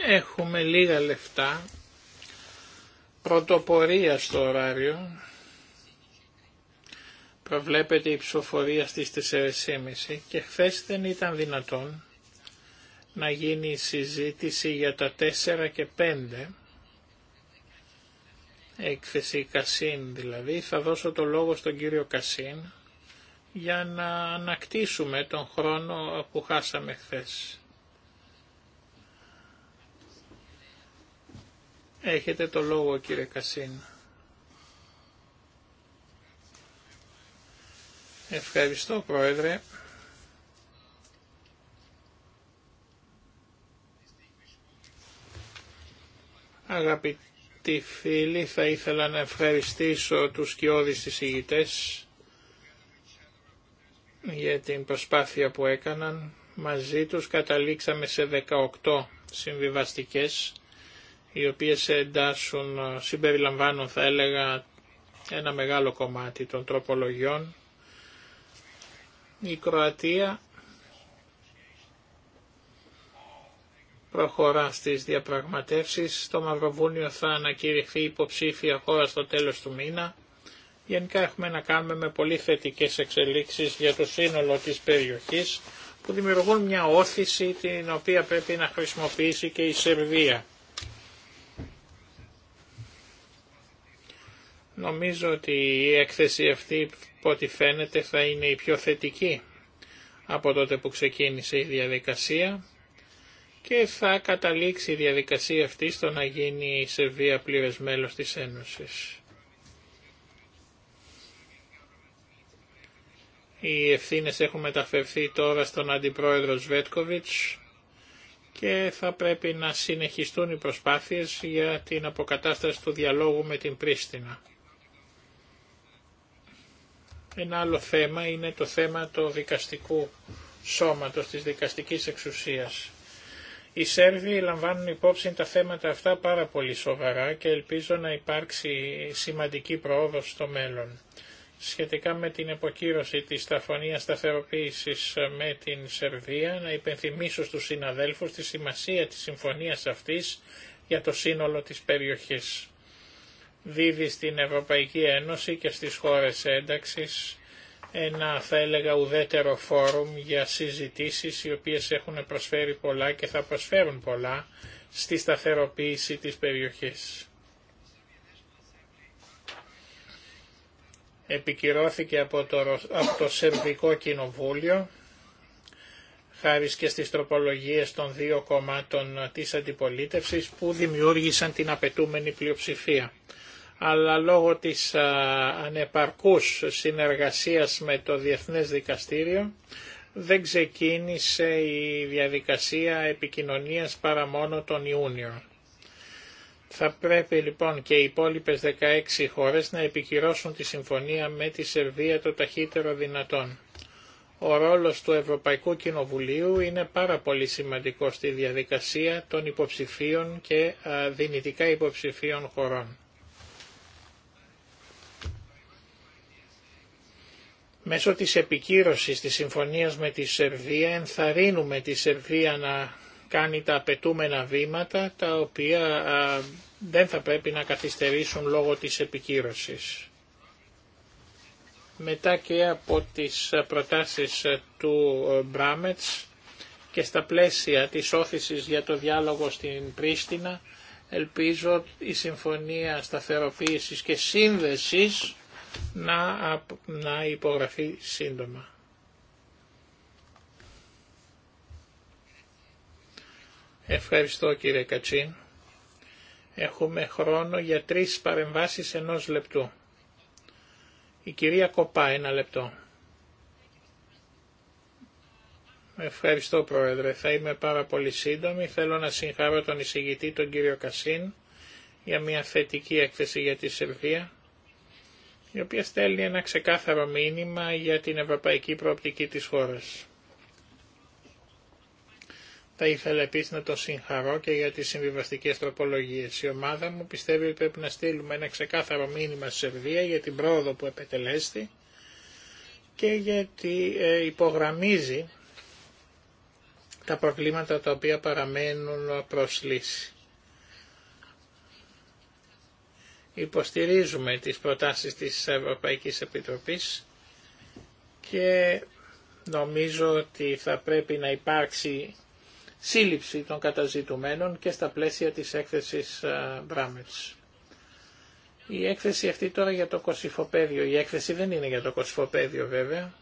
Έχουμε λίγα λεφτά, πρωτοπορία στο ωράριο, προβλέπεται η ψηφοφορία στις 4.30 και χθε δεν ήταν δυνατόν να γίνει η συζήτηση για τα 4 και 5, έκθεση Κασίν δηλαδή, θα δώσω το λόγο στον κύριο Κασίν για να ανακτήσουμε τον χρόνο που χάσαμε χθες. Έχετε το λόγο κύριε Κασίν. Ευχαριστώ Πρόεδρε. Αγαπητοί φίλοι, θα ήθελα να ευχαριστήσω τους κοιόδης της ηγητές για την προσπάθεια που έκαναν. Μαζί τους καταλήξαμε σε 18 συμβιβαστικές, οι οποίες εντάσσουν, συμπεριλαμβάνουν θα έλεγα ένα μεγάλο κομμάτι των τροπολογιών. Η Κροατία προχωρά στις διαπραγματεύσεις. Το Μαυροβούνιο θα ανακηρυχθεί υποψήφια χώρα στο τέλος του μήνα. Γενικά έχουμε να κάνουμε με πολύ θετικές εξελίξεις για το σύνολο της περιοχής που δημιουργούν μια όθηση την οποία πρέπει να χρησιμοποιήσει και η Σερβία. Νομίζω ότι η έκθεση αυτή, ό,τι φαίνεται, θα είναι η πιο θετική από τότε που ξεκίνησε η διαδικασία και θα καταλήξει η διαδικασία αυτή στο να γίνει η Σερβία πλήρες μέλος της Ένωσης. Οι ευθύνε έχουν μεταφερθεί τώρα στον Αντιπρόεδρο Σβέτκοβιτς και θα πρέπει να συνεχιστούν οι προσπάθειες για την αποκατάσταση του διαλόγου με την Πρίστινα. Ένα άλλο θέμα είναι το θέμα του δικαστικού σώματος, της δικαστικής εξουσίας. Οι Σέρβοι λαμβάνουν υπόψη τα θέματα αυτά πάρα πολύ σοβαρά και ελπίζω να υπάρξει σημαντική πρόοδος στο μέλλον σχετικά με την εποκύρωση της ταφωνίας σταθεροποίηση με την Σερβία, να υπενθυμίσω στους συναδέλφους τη σημασία της συμφωνίας αυτής για το σύνολο της περιοχής. Δίδει στην Ευρωπαϊκή Ένωση και στις χώρες ένταξης ένα θα έλεγα ουδέτερο φόρουμ για συζητήσεις οι οποίες έχουν προσφέρει πολλά και θα προσφέρουν πολλά στη σταθεροποίηση της περιοχής. επικυρώθηκε από το, το Σερβικό Κοινοβούλιο χάρη και στις τροπολογίες των δύο κομμάτων της αντιπολίτευσης που δημιούργησαν την απαιτούμενη πλειοψηφία. Αλλά λόγω της ανεπαρκούς συνεργασίας με το Διεθνές Δικαστήριο δεν ξεκίνησε η διαδικασία επικοινωνίας παρά μόνο τον Ιούνιο. Θα πρέπει λοιπόν και οι υπόλοιπε 16 χώρες να επικυρώσουν τη συμφωνία με τη Σερβία το ταχύτερο δυνατόν. Ο ρόλος του Ευρωπαϊκού Κοινοβουλίου είναι πάρα πολύ σημαντικό στη διαδικασία των υποψηφίων και δυνητικά υποψηφίων χωρών. Μέσω της επικύρωσης της συμφωνίας με τη Σερβία ενθαρρύνουμε τη Σερβία να κάνει τα απαιτούμενα βήματα τα οποία δεν θα πρέπει να καθυστερήσουν λόγω της επικύρωσης. Μετά και από τις προτάσεις του ε, Μπράμετς και στα πλαίσια της όθησης για το διάλογο στην Πρίστινα ελπίζω η Συμφωνία Σταθεροποίησης και Σύνδεσης να, να υπογραφεί σύντομα. Ευχαριστώ κύριε Κατσίν. Έχουμε χρόνο για τρεις παρεμβάσεις ενός λεπτού. Η κυρία Κοπά, ένα λεπτό. Ευχαριστώ Πρόεδρε. Θα είμαι πάρα πολύ σύντομη. Θέλω να συγχαρώ τον εισηγητή, τον κύριο Κασίν, για μια θετική έκθεση για τη Σερβία, η οποία στέλνει ένα ξεκάθαρο μήνυμα για την ευρωπαϊκή προοπτική της χώρας. Θα ήθελα επίση να το συγχαρώ και για τι συμβιβαστικές τροπολογίε. Η ομάδα μου πιστεύει ότι πρέπει να στείλουμε ένα ξεκάθαρο μήνυμα στη Σερβία για την πρόοδο που επετελέστη και γιατί ε, υπογραμμίζει τα προβλήματα τα οποία παραμένουν προς λύση. Υποστηρίζουμε τις προτάσεις της Ευρωπαϊκής Επιτροπής και νομίζω ότι θα πρέπει να υπάρξει σύλληψη των καταζητουμένων και στα πλαίσια της έκθεσης ε, Μπράμετς. Η έκθεση αυτή τώρα για το κοσυφοπέδιο, η έκθεση δεν είναι για το κοσυφοπέδιο βέβαια,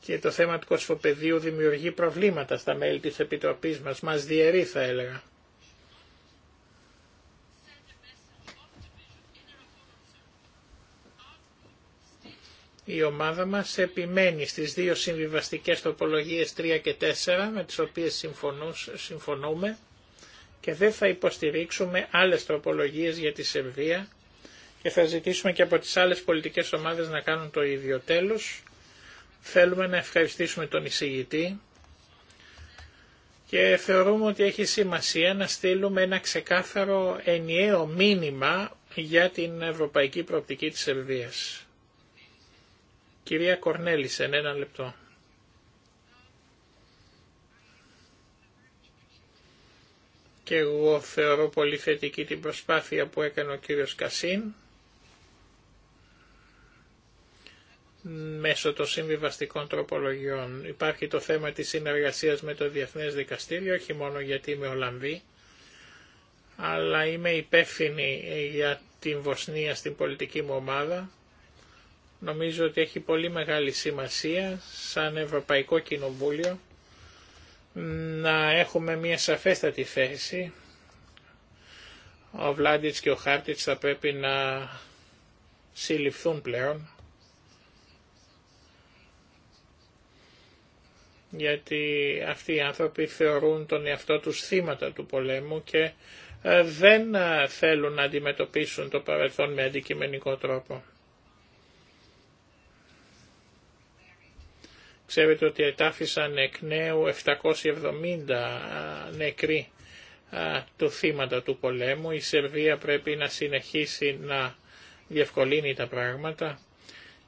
και το θέμα του κοσφοπεδίου δημιουργεί προβλήματα στα μέλη της Επιτροπής μας, μας διαιρεί θα έλεγα. η ομάδα μας επιμένει στις δύο συμβιβαστικές τοπολογίες 3 και 4 με τις οποίες συμφωνούμε και δεν θα υποστηρίξουμε άλλες τοπολογίες για τη Σερβία και θα ζητήσουμε και από τις άλλες πολιτικές ομάδες να κάνουν το ίδιο τέλος. Θέλουμε να ευχαριστήσουμε τον εισηγητή και θεωρούμε ότι έχει σημασία να στείλουμε ένα ξεκάθαρο ενιαίο μήνυμα για την ευρωπαϊκή προοπτική της Σερβίας. Κυρία σε ένα λεπτό. Και εγώ θεωρώ πολύ θετική την προσπάθεια που έκανε ο κύριος Κασίν μέσω των συμβιβαστικών τροπολογιών. Υπάρχει το θέμα της συνεργασίας με το Διεθνές Δικαστήριο, όχι μόνο γιατί είμαι Ολλανδή, αλλά είμαι υπεύθυνη για την Βοσνία στην πολιτική μου ομάδα Νομίζω ότι έχει πολύ μεγάλη σημασία σαν Ευρωπαϊκό Κοινοβούλιο να έχουμε μια σαφέστατη θέση. Ο Βλάντιτς και ο Χάρτιτς θα πρέπει να συλληφθούν πλέον. γιατί αυτοί οι άνθρωποι θεωρούν τον εαυτό τους θύματα του πολέμου και ε, δεν ε, θέλουν να αντιμετωπίσουν το παρελθόν με αντικειμενικό τρόπο. Ξέρετε ότι ετάφησαν εκ νέου 770 νεκροί του θύματα του πολέμου. Η Σερβία πρέπει να συνεχίσει να διευκολύνει τα πράγματα.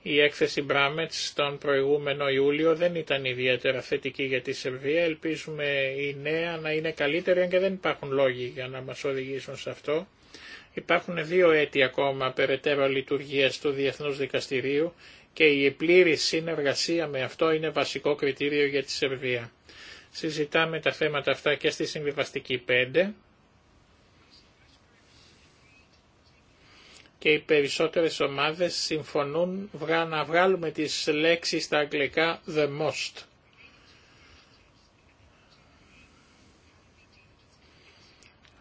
Η έκθεση Μπράμετς τον προηγούμενο Ιούλιο δεν ήταν ιδιαίτερα θετική για τη Σερβία. Ελπίζουμε η νέα να είναι καλύτερη, αν και δεν υπάρχουν λόγοι για να μας οδηγήσουν σε αυτό. Υπάρχουν δύο έτη ακόμα περαιτέρω λειτουργίας του Διεθνούς Δικαστηρίου και η πλήρη συνεργασία με αυτό είναι βασικό κριτήριο για τη Σερβία. Συζητάμε τα θέματα αυτά και στη Συμβιβαστική 5 και οι περισσότερες ομάδες συμφωνούν να βγάλουμε τις λέξεις στα αγγλικά «the most».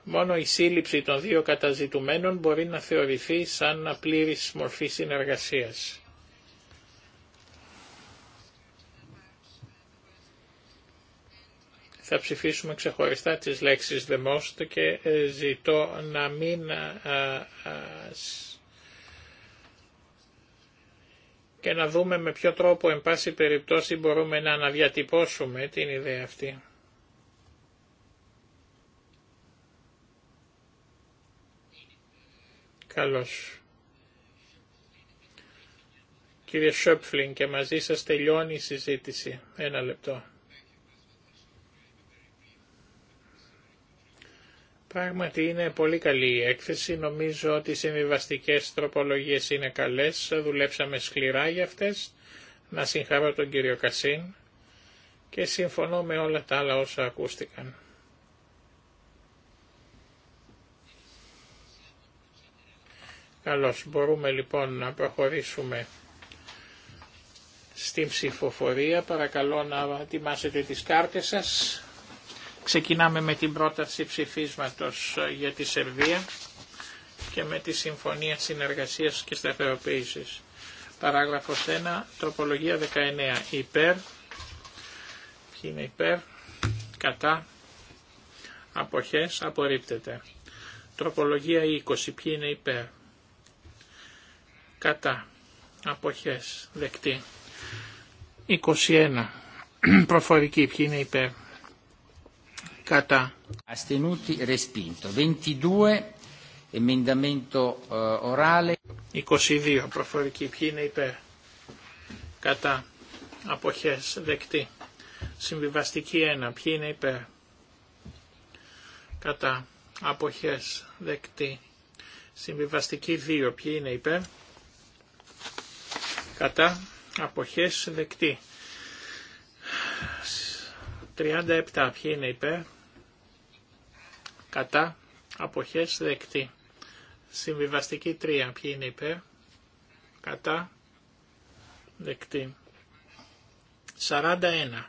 Μόνο η σύλληψη των δύο καταζητουμένων μπορεί να θεωρηθεί σαν πλήρης μορφή συνεργασίας. θα ψηφίσουμε ξεχωριστά τις λέξεις the most και ε, ζητώ να μην ε, ε, και να δούμε με ποιο τρόπο εν πάση περιπτώσει μπορούμε να αναδιατυπώσουμε την ιδέα αυτή. Καλώς. Κύριε Σόπφλιν και μαζί σας τελειώνει η συζήτηση. Ένα λεπτό. Πράγματι είναι πολύ καλή η έκθεση, νομίζω ότι οι συμβιβαστικέ τροπολογίες είναι καλές, δουλέψαμε σκληρά για αυτές. Να συγχαρώ τον κύριο Κασίν και συμφωνώ με όλα τα άλλα όσα ακούστηκαν. Καλώς, μπορούμε λοιπόν να προχωρήσουμε στην ψηφοφορία. Παρακαλώ να ετοιμάσετε τις κάρτες σας. Ξεκινάμε με την πρόταση ψηφίσματος ε, για τη Σερβία και με τη Συμφωνία Συνεργασίας και Σταθεροποίησης. Παράγραφος 1, τροπολογία 19, υπέρ, ποιοι είναι υπέρ, κατά, αποχές, απορρίπτεται. Τροπολογία 20, ποιοι είναι υπέρ, κατά, αποχές, δεκτή. 21, *clears throat* προφορική, ποιοι είναι υπέρ, κατά. 22 22 eh, προφορική. Ποιοι είναι υπέρ. Κατά. Αποχές. Δεκτή. Συμβιβαστική 1. Ποιοι είναι υπέρ. Κατά. Αποχές. Δεκτή. Συμβιβαστική 2. Ποιοι είναι υπέρ. Κατά. Αποχές. Δεκτή. 37. Ποιοι είναι υπέρ κατά αποχές δεκτή. Συμβιβαστική 3 ποιοι είναι υπέρ κατά δεκτή. 41.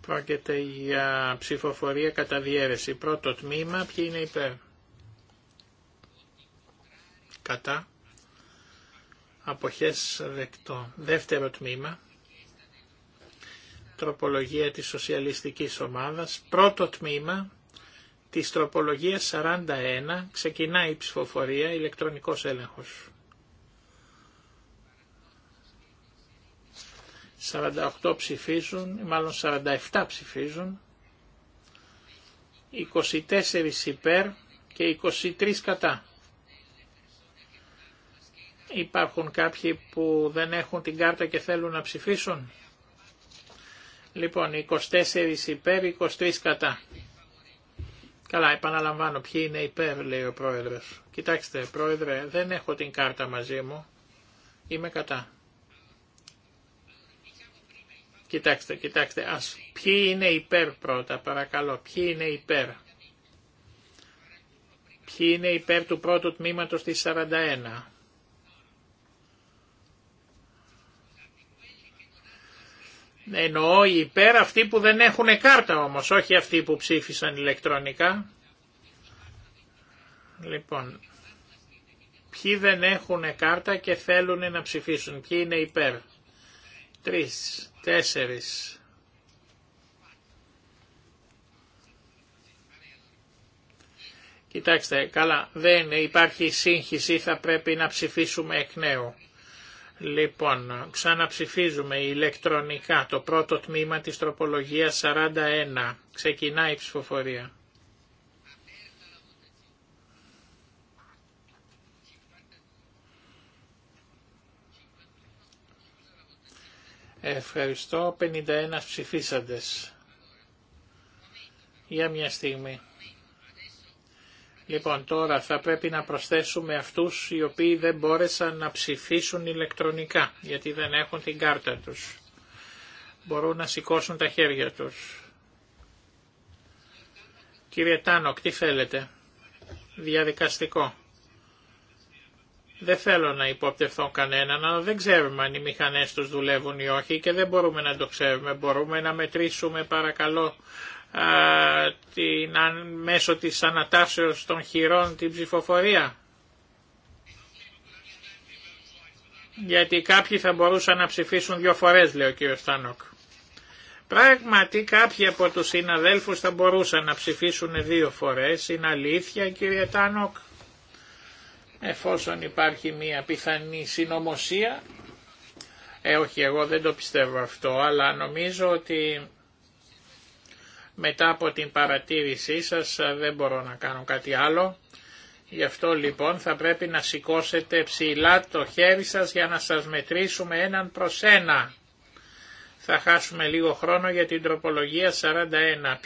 Πρόκειται για ψηφοφορία κατά διέρεση. Πρώτο τμήμα, ποιοι είναι υπέρ. Κατά. Αποχές δεκτό. Δεύτερο τμήμα, τροπολογία της σοσιαλιστικής ομάδας, πρώτο τμήμα της τροπολογίας 41, ξεκινάει η ψηφοφορία, ηλεκτρονικός έλεγχος. 48 ψηφίζουν, μάλλον 47 ψηφίζουν, 24 υπέρ και 23 κατά. Υπάρχουν κάποιοι που δεν έχουν την κάρτα και θέλουν να ψηφίσουν. Λοιπόν, 24 υπέρ, 23 κατά. Καλά, επαναλαμβάνω, ποιοι είναι υπέρ, λέει ο πρόεδρος. Κοιτάξτε, πρόεδρε, δεν έχω την κάρτα μαζί μου. Είμαι κατά. Κοιτάξτε, κοιτάξτε, ας, ποιοι είναι υπέρ πρώτα, παρακαλώ, ποιοι είναι υπέρ. Ποιοι είναι υπέρ του πρώτου τμήματος της 41. Εννοώ υπέρ αυτοί που δεν έχουν κάρτα όμως, όχι αυτοί που ψήφισαν ηλεκτρονικά. Λοιπόν, ποιοι δεν έχουν κάρτα και θέλουν να ψηφίσουν, ποιοι είναι υπέρ. Τρεις, τέσσερις. Κοιτάξτε, καλά, δεν υπάρχει σύγχυση, θα πρέπει να ψηφίσουμε εκ νέου. Λοιπόν, ξαναψηφίζουμε ηλεκτρονικά το πρώτο τμήμα της τροπολογίας 41. Ξεκινάει η ψηφοφορία. Ευχαριστώ. 51 ψηφίσαντες. Για μια στιγμή. Λοιπόν, τώρα θα πρέπει να προσθέσουμε αυτούς οι οποίοι δεν μπόρεσαν να ψηφίσουν ηλεκτρονικά, γιατί δεν έχουν την κάρτα τους. Μπορούν να σηκώσουν τα χέρια τους. Κύριε Τάνο, τι θέλετε. Διαδικαστικό. Δεν θέλω να υποπτευθώ κανέναν, αλλά δεν ξέρουμε αν οι μηχανές τους δουλεύουν ή όχι και δεν μπορούμε να το ξέρουμε. Μπορούμε να μετρήσουμε παρακαλώ την, μέσω της ανατάσεως των χειρών την ψηφοφορία. Γιατί κάποιοι θα μπορούσαν να ψηφίσουν δύο φορές, λέει ο κύριος Στάνοκ. Πράγματι κάποιοι από τους συναδέλφους θα μπορούσαν να ψηφίσουν δύο φορές, είναι αλήθεια κύριε Τάνοκ. Εφόσον υπάρχει μία πιθανή συνωμοσία, ε όχι εγώ δεν το πιστεύω αυτό, αλλά νομίζω ότι μετά από την παρατήρησή σας δεν μπορώ να κάνω κάτι άλλο. Γι' αυτό λοιπόν θα πρέπει να σηκώσετε ψηλά το χέρι σας για να σας μετρήσουμε έναν προς ένα. Θα χάσουμε λίγο χρόνο για την τροπολογία 41.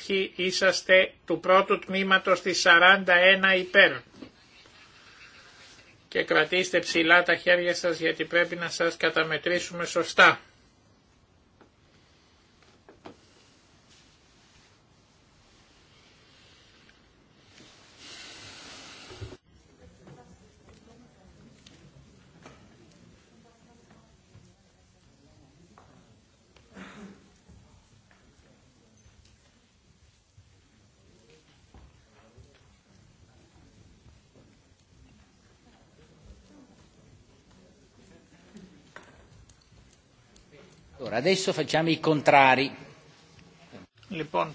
Ποιοι είσαστε του πρώτου τμήματος της 41 υπέρ. Και κρατήστε ψηλά τα χέρια σας γιατί πρέπει να σας καταμετρήσουμε σωστά. Adesso facciamo i contrari. Λοιπόν,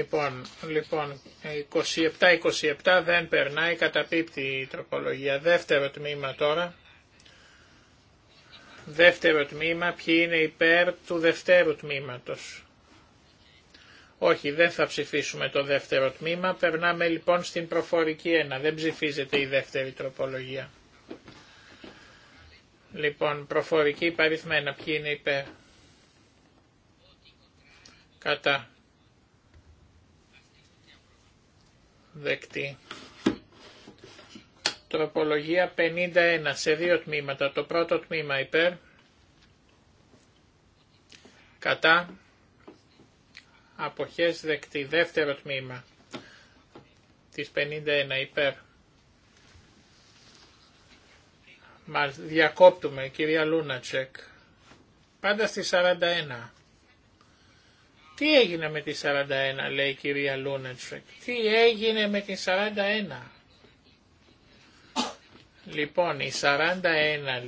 Λοιπόν, λοιπόν 27-27 δεν περνάει, καταπίπτει η τροπολογία. Δεύτερο τμήμα τώρα. Δεύτερο τμήμα, ποιοι είναι υπέρ του δευτέρου τμήματος. Όχι, δεν θα ψηφίσουμε το δεύτερο τμήμα. Περνάμε λοιπόν στην προφορική 1. Δεν ψηφίζεται η δεύτερη τροπολογία. Λοιπόν, προφορική παριθμένα. Ποιοι είναι υπέρ. Κατά. δεκτή. Τροπολογία 51 σε δύο τμήματα. Το πρώτο τμήμα υπέρ, κατά, αποχές δεκτή. Δεύτερο τμήμα της 51 υπέρ. Μας διακόπτουμε κυρία Λούνατσεκ. Πάντα στη 41. Τι έγινε με τη 41 λέει η κυρία Λούνετσεκ. Τι έγινε με τη 41. Λοιπόν, η 41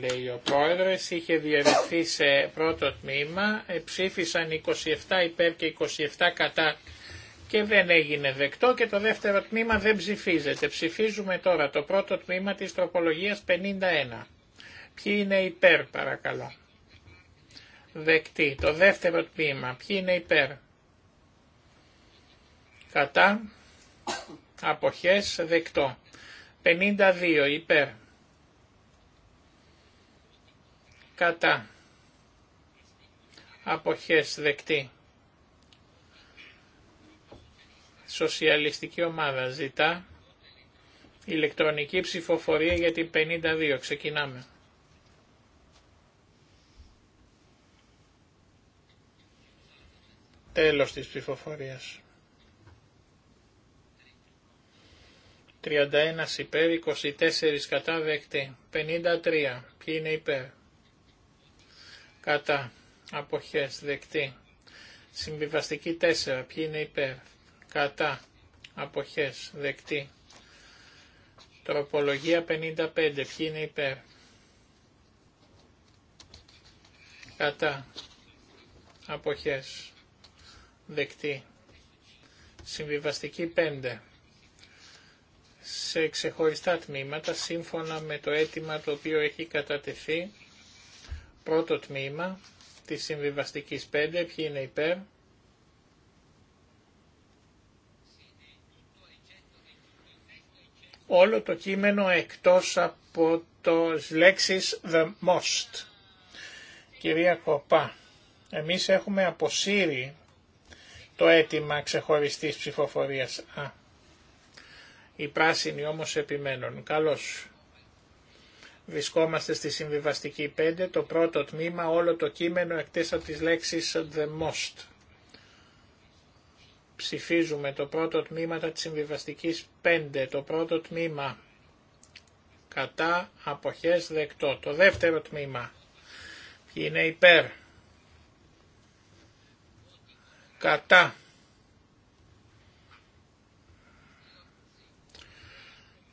λέει ο πρόεδρος είχε διαιρεθεί σε πρώτο τμήμα, ε, ψήφισαν 27 υπέρ και 27 κατά και δεν έγινε δεκτό και το δεύτερο τμήμα δεν ψηφίζεται. Ψηφίζουμε τώρα το πρώτο τμήμα της τροπολογίας 51. Ποιοι είναι υπέρ παρακαλώ δεκτή. Το δεύτερο τμήμα, ποιοι είναι υπέρ. Κατά, αποχές, δεκτό. 52 υπέρ. Κατά, αποχές, δεκτή. Σοσιαλιστική ομάδα ζητά ηλεκτρονική ψηφοφορία για την 52. Ξεκινάμε. Τέλος της ψηφοφορίας. 31 υπέρ, 24 κατά δεκτή, 53 ποιοι είναι υπέρ, κατά, αποχές, δεκτή, συμβιβαστική 4 ποιοι είναι υπέρ, κατά, αποχές, δεκτή, τροπολογία 55 ποιοι είναι υπέρ, κατά, αποχές, δεκτή. Συμβιβαστική 5. Σε ξεχωριστά τμήματα, σύμφωνα με το αίτημα το οποίο έχει κατατεθεί, πρώτο τμήμα της συμβιβαστικής 5, ποιοι είναι υπέρ, όλο το κείμενο εκτός από το λέξεις the most. Κυρία Κοπά, εμείς έχουμε αποσύρει το αίτημα ξεχωριστής ψηφοφορίας. Α, οι πράσινοι όμως επιμένουν. Καλώς. Βρισκόμαστε στη συμβιβαστική 5, το πρώτο τμήμα, όλο το κείμενο εκτέσα από τις λέξεις the most. Ψηφίζουμε το πρώτο τμήμα της συμβιβαστικής 5, το πρώτο τμήμα κατά αποχές δεκτό. Το δεύτερο τμήμα είναι υπέρ Κατά.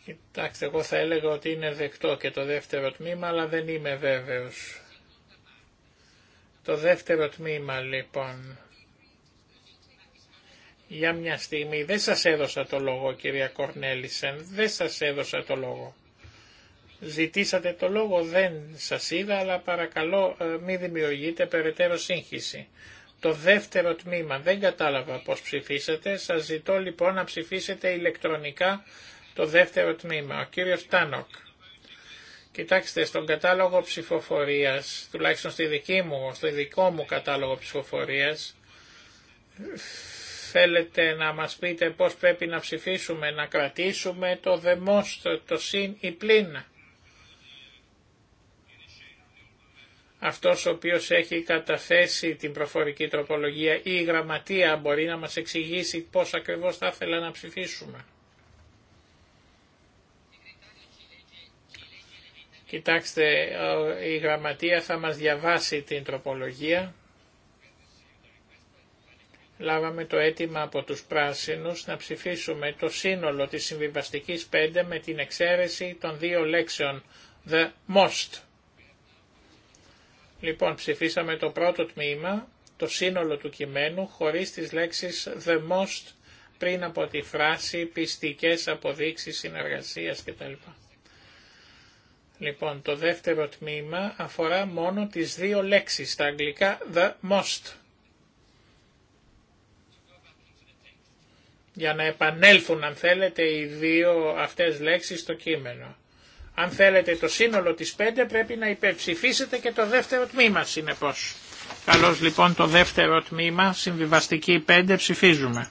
Κοιτάξτε, εγώ θα έλεγα ότι είναι δεκτό και το δεύτερο τμήμα, αλλά δεν είμαι βέβαιος. Το δεύτερο τμήμα λοιπόν. Για μια στιγμή, δεν σας έδωσα το λόγο κυρία Κορνέλισεν, δεν σας έδωσα το λόγο. Ζητήσατε το λόγο, δεν σας είδα, αλλά παρακαλώ ε, μη δημιουργείτε περαιτέρω σύγχυση το δεύτερο τμήμα. Δεν κατάλαβα πώς ψηφίσατε. Σας ζητώ λοιπόν να ψηφίσετε ηλεκτρονικά το δεύτερο τμήμα. Ο κύριος Τάνοκ. Κοιτάξτε, στον κατάλογο ψηφοφορίας, τουλάχιστον στη δική μου, στο δικό μου κατάλογο ψηφοφορίας, θέλετε να μας πείτε πώς πρέπει να ψηφίσουμε, να κρατήσουμε το δεμόστο, το συν ή πλήνα. αυτός ο οποίος έχει καταθέσει την προφορική τροπολογία ή η γραμματεία μπορεί να μας εξηγήσει πώς ακριβώς θα ήθελα να ψηφίσουμε. Κοιτάξτε, η γραμματεία θα μας διαβάσει την τροπολογία. Λάβαμε το αίτημα από τους πράσινους να ψηφίσουμε το σύνολο της συμβιβαστικής 5 με την εξαίρεση των δύο λέξεων «the most». Λοιπόν, ψηφίσαμε το πρώτο τμήμα, το σύνολο του κειμένου, χωρίς τις λέξεις «the most» πριν από τη φράση «πιστικές αποδείξεις συνεργασίας» κτλ. Λοιπόν, το δεύτερο τμήμα αφορά μόνο τις δύο λέξεις, τα αγγλικά «the most». Για να επανέλθουν, αν θέλετε, οι δύο αυτές λέξεις στο κείμενο. Αν θέλετε το σύνολο της 5 πρέπει να υπερψηφίσετε και το δεύτερο τμήμα συνεπώς. Καλώς λοιπόν το δεύτερο τμήμα, συμβιβαστική 5 ψηφίζουμε.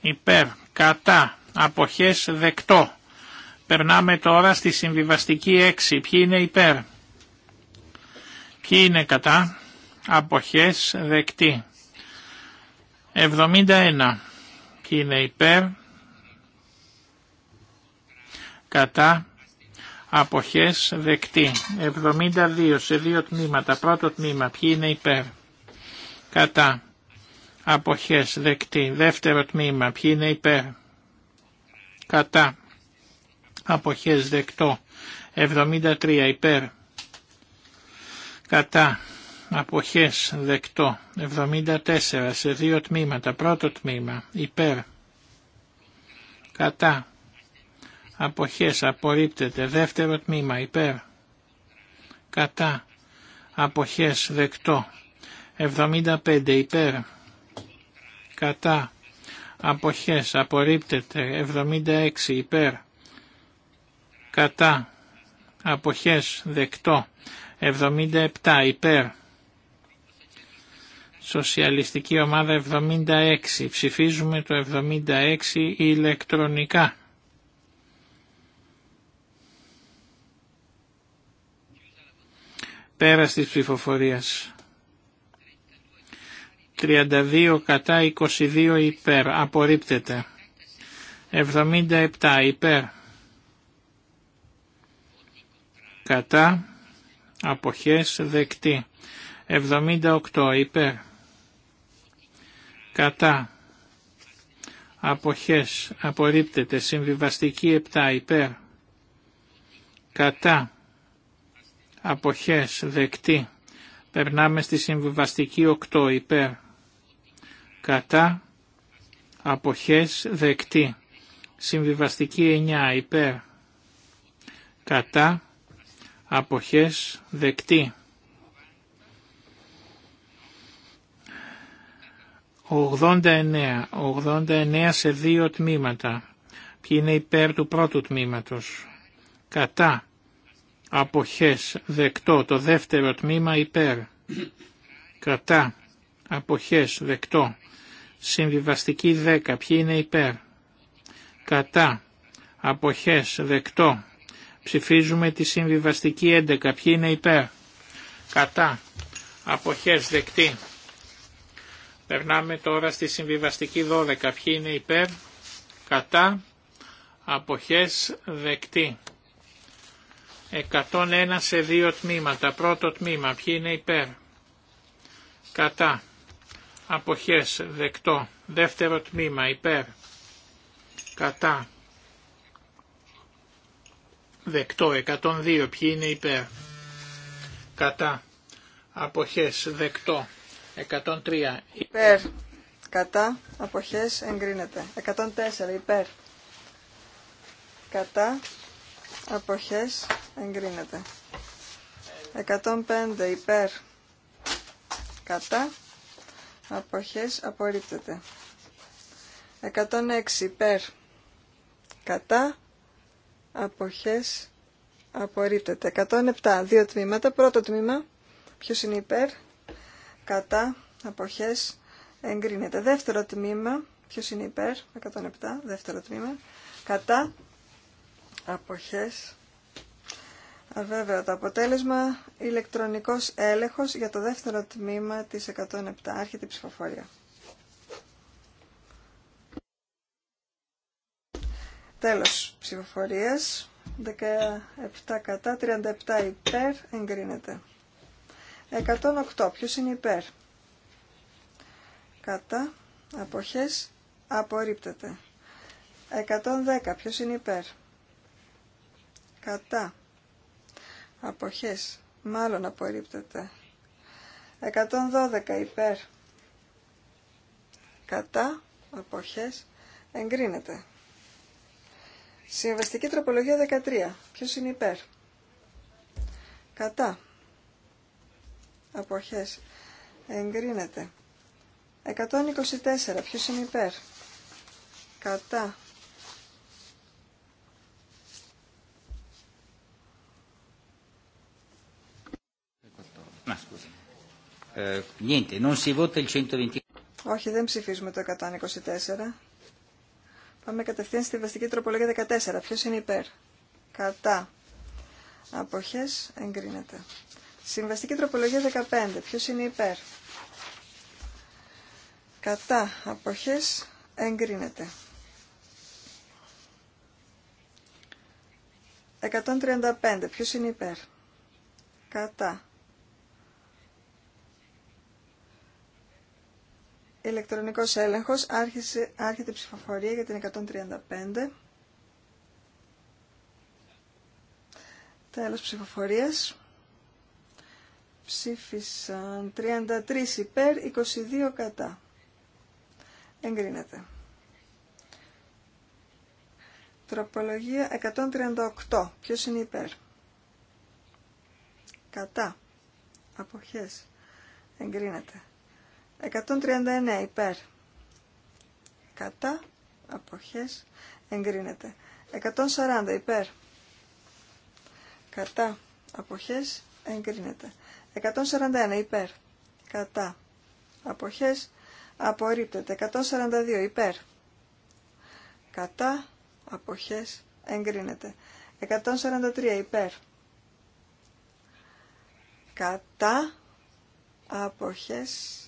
Υπέρ, κατά, αποχές, δεκτό. Περνάμε τώρα στη συμβιβαστική 6. Ποιοι είναι υπέρ. Ποιοι είναι κατά. Αποχές δεκτή. 71. Ποιοι είναι υπέρ. Κατά αποχές δεκτή. 72 σε δύο τμήματα. Πρώτο τμήμα ποιοι είναι υπέρ. Κατά. Αποχές δεκτή. Δεύτερο τμήμα ποιοι είναι υπέρ. Κατά. Αποχές δεκτό. 73 υπέρ. Κατά. Αποχές δεκτό. 74 σε δύο τμήματα. Πρώτο τμήμα υπέρ. Κατά αποχές απορρίπτεται δεύτερο τμήμα υπέρ κατά αποχές δεκτό 75 υπέρ κατά αποχές απορρίπτεται 76 υπέρ κατά αποχές δεκτό 77 υπέρ Σοσιαλιστική ομάδα 76. Ψηφίζουμε το 76 ηλεκτρονικά. Πέρας της ψηφοφορίας. 32 κατά 22 υπέρ. Απορρίπτεται. 77 υπέρ. Κατά. Αποχές δεκτή. 78 υπέρ. Κατά. Αποχές απορρίπτεται. Συμβιβαστική 7 υπέρ. Κατά αποχές δεκτή. Περνάμε στη συμβιβαστική 8 υπέρ κατά αποχές δεκτή. Συμβιβαστική 9 υπέρ κατά αποχές δεκτή. 89, 89 σε δύο τμήματα. Ποιοι είναι υπέρ του πρώτου τμήματος. Κατά αποχές δεκτό το δεύτερο τμήμα υπέρ κατά αποχές δεκτό συμβιβαστική 10 ποιοι είναι υπέρ κατά αποχές δεκτό ψηφίζουμε τη συμβιβαστική 11 ποιοι είναι υπέρ κατά αποχές δεκτή περνάμε τώρα στη συμβιβαστική 12 ποιοι είναι υπέρ κατά αποχές δεκτή 101 σε δύο τμήματα. Πρώτο τμήμα. Ποιοι είναι υπέρ. Κατά. Αποχές. Δεκτό. Δεύτερο τμήμα. Υπέρ. Κατά. Δεκτό. 102. Ποιοι είναι υπέρ. Κατά. Αποχές. Δεκτό. 103. Υπέρ. Κατά. Αποχές. Εγκρίνεται. 104. Υπέρ. Κατά αποχές εγκρίνεται. 105 υπέρ κατά αποχές απορρίπτεται. 106 υπέρ κατά αποχές απορρίπτεται. 107 δύο τμήματα. Πρώτο τμήμα ποιος είναι υπέρ κατά αποχές εγκρίνεται. Δεύτερο τμήμα ποιος είναι υπέρ 107 δεύτερο τμήμα κατά αποχές. Βέβαια, το αποτέλεσμα ηλεκτρονικός έλεγχος για το δεύτερο τμήμα της 107. Άρχεται ψηφοφορία. Τέλος ψηφοφορίας. 17 κατά, 37 υπέρ, εγκρίνεται. 108. Ποιος είναι υπέρ. Κατά, αποχές, απορρίπτεται. 110. Ποιος είναι υπέρ κατά αποχές μάλλον απορρίπτεται 112 υπέρ κατά αποχές εγκρίνεται Συμβαστική τροπολογία 13 ποιος είναι υπέρ κατά αποχές εγκρίνεται 124 ποιος είναι υπέρ κατά Ε, Όχι, δεν ψηφίζουμε το 124. Πάμε κατευθείαν στη βαστική τροπολογία 14. Ποιος είναι υπέρ. Κατά. Αποχές εγκρίνεται. Συμβαστική τροπολογία 15. Ποιος είναι υπέρ. Κατά. Αποχές εγκρίνεται. 135. Ποιος είναι υπέρ. Κατά. Ηλεκτρονικός έλεγχος. Άρχισε, άρχεται η ψηφοφορία για την 135. Τέλος ψηφοφορίας. Ψήφισαν 33 υπέρ, 22 κατά. Εγκρίνεται. Τροπολογία 138. Ποιος είναι υπέρ. Κατά. Αποχές. Εγκρίνεται. 139 υπέρ. Κατά. Αποχές. Εγκρίνεται. 140 υπέρ. Κατά. Αποχές. Εγκρίνεται. 141 υπέρ. Κατά. Αποχές. Απορρίπτεται. 142 υπέρ. Κατά. Αποχές. Εγκρίνεται. 143 υπέρ. Κατά. Αποχές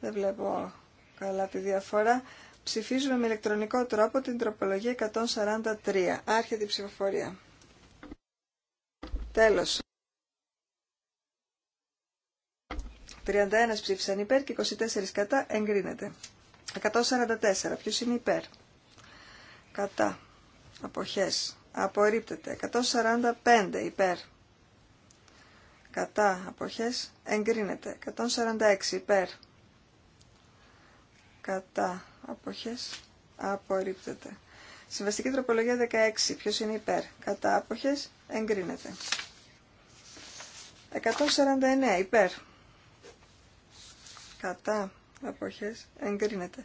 δεν βλέπω καλά τη διαφορά. Ψηφίζουμε με ηλεκτρονικό τρόπο την τροπολογία 143. Άρχεται η ψηφοφορία. Τέλος. 31 ψήφισαν υπέρ και 24 κατά εγκρίνεται. 144. Ποιος είναι υπέρ. Κατά. Αποχές. Απορρίπτεται. 145 υπέρ. Κατά. Αποχές. Εγκρίνεται. 146 υπέρ κατά αποχές απορρίπτεται. Συμβαστική τροπολογία 16. Ποιος είναι υπέρ. Κατά άποχες εγκρίνεται. 149. Υπέρ. Κατά αποχές εγκρίνεται.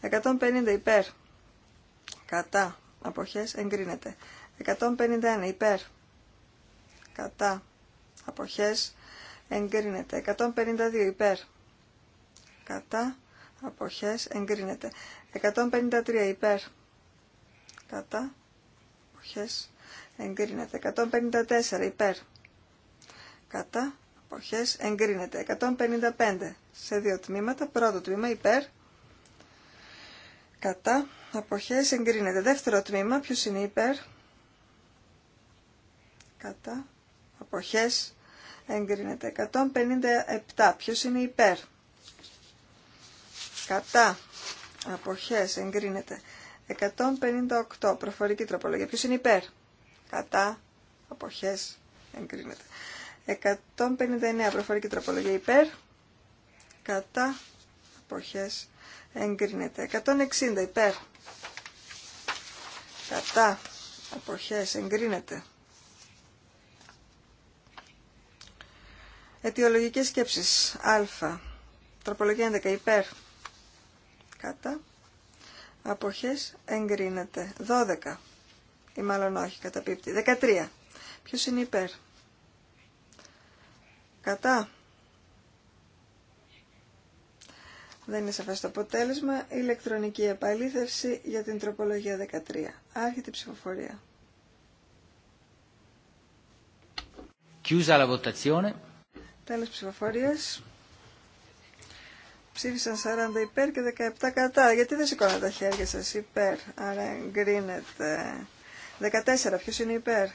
150. Υπέρ. Κατά αποχές εγκρίνεται. 151. Υπέρ. Κατά αποχές εγκρίνεται. 152. Υπέρ. Κατά αποχές εγκρίνεται. 153 υπέρ κατά αποχές εγκρίνεται. 154 υπέρ κατά αποχές εγκρίνεται. 155 σε δύο τμήματα. Πρώτο τμήμα υπέρ κατά αποχές εγκρίνεται. Δεύτερο τμήμα ποιος είναι υπέρ κατά αποχές εγκρίνεται. 157 ποιος είναι υπέρ Κατά. Αποχές. Εγκρίνεται. 158. Προφορική τροπολογία. Ποιος είναι υπέρ. Κατά. Αποχές. Εγκρίνεται. 159. Προφορική τροπολογία. Υπέρ. Κατά. Αποχές. Εγκρίνεται. 160. Υπέρ. Κατά. Αποχές. Εγκρίνεται. Αιτιολογικές σκέψεις. Α. Τροπολογία 11. Υπέρ. Κατά. Αποχές εγκρίνεται. 12. Ή μάλλον όχι, καταπίπτει. 13. Ποιος είναι υπέρ. Κατά. Δεν είναι σαφές το αποτέλεσμα. Ηλεκτρονική επαλήθευση για την τροπολογία 13. Άρχεται η ψηφοφορία. Chiusa la Τέλος ψηφοφορίας ψήφισαν 40 υπέρ και 17 κατά. Γιατί δεν σηκώνατε τα χέρια σας υπέρ, άρα εγκρίνεται. 14, ποιος είναι υπέρ.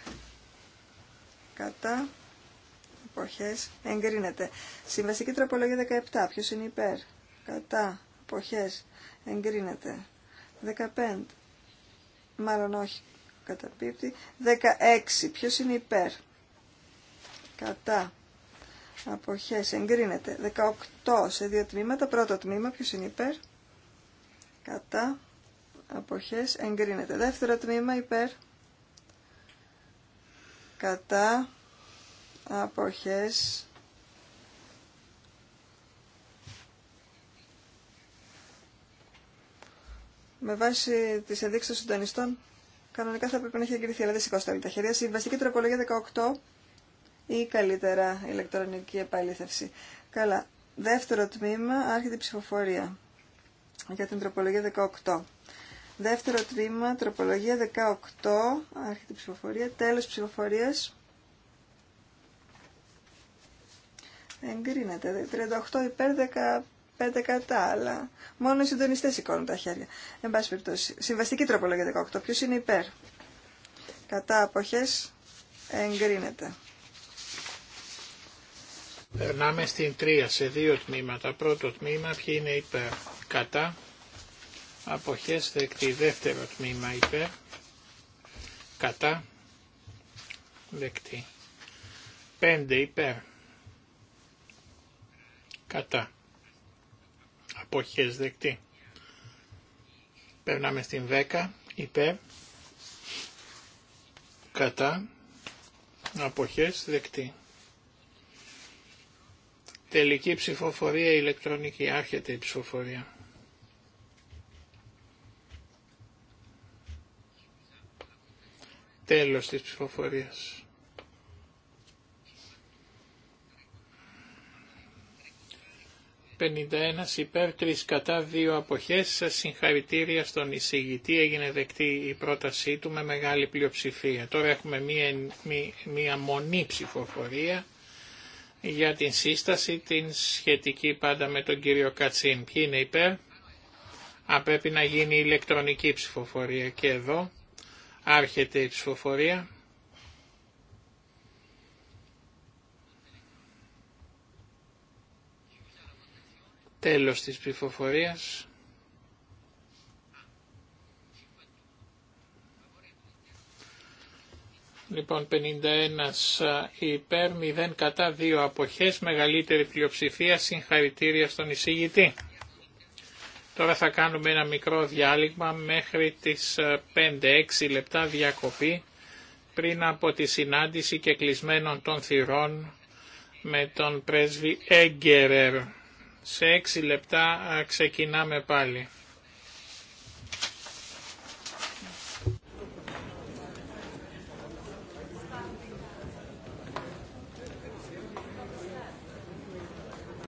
Κατά, εποχές, εγκρίνεται. Συμβαστική τροπολογία 17, ποιος είναι υπέρ. Κατά, εποχές, εγκρίνεται. 15, μάλλον όχι, καταπίπτει. 16, ποιος είναι υπέρ. Κατά, Αποχές εγκρίνεται. 18 σε δύο τμήματα. Πρώτο τμήμα. Ποιος είναι υπέρ. Κατά. Αποχές εγκρίνεται. Δεύτερο τμήμα υπέρ. Κατά. Αποχές Με βάση τις ενδείξεις των συντονιστών, κανονικά θα πρέπει να έχει εγκριθεί, αλλά δεν σηκώστε τα χέρια. Συμβαστική τροπολογία 18 ή καλύτερα ηλεκτρονική επαλήθευση. Καλά. Δεύτερο τμήμα, άρχεται η ψηφοφορία για την τροπολογία 18. Δεύτερο τμήμα, τροπολογία 18, άρχεται η ψηφοφορία, τέλος ψηφοφορίας. Εγκρίνεται. 38 υπέρ 15 κατά, αλλά μόνο οι συντονιστές σηκώνουν τα χέρια. Εν πάση περιπτώσει, συμβαστική τροπολογία 18, ποιος είναι υπέρ. Κατά αποχές εγκρίνεται. Περνάμε στην τρία, σε δύο τμήματα. Πρώτο τμήμα ποιοι είναι υπέρ. Κατά. Αποχές δεκτή. Δεύτερο τμήμα υπέρ. Κατά. Δεκτή. Πέντε υπέρ. Κατά. Αποχές δεκτή. Περνάμε στην 10 υπέρ. Κατά. Αποχές δεκτή. Τελική ψηφοφορία ηλεκτρονική. Άρχεται η ψηφοφορία. Τέλος της ψηφοφορίας. «51 υπέρ 3 κατά 2 αποχές. Συγχαρητήρια στον εισηγητή. Έγινε δεκτή η πρότασή του με μεγάλη πλειοψηφία. Τώρα έχουμε μία, μία, μία μονή ψηφοφορία για την σύσταση την σχετική πάντα με τον κύριο Κατσίν. Ποιοι είναι υπέρ. αν πρέπει να γίνει ηλεκτρονική ψηφοφορία και εδώ. Άρχεται η ψηφοφορία. Τέλος της ψηφοφορίας. Λοιπόν, 51 ε, υπέρ, 0 κατά, 2 αποχές, μεγαλύτερη πλειοψηφία, συγχαρητήρια στον εισηγητή. Τώρα θα κάνουμε ένα μικρό διάλειμμα μέχρι τις 5-6 ε, λεπτά διακοπή πριν από τη συνάντηση και κλεισμένων των θυρών με τον πρέσβη Έγκερερ. Σε 6 λεπτά ε, ξεκινάμε πάλι.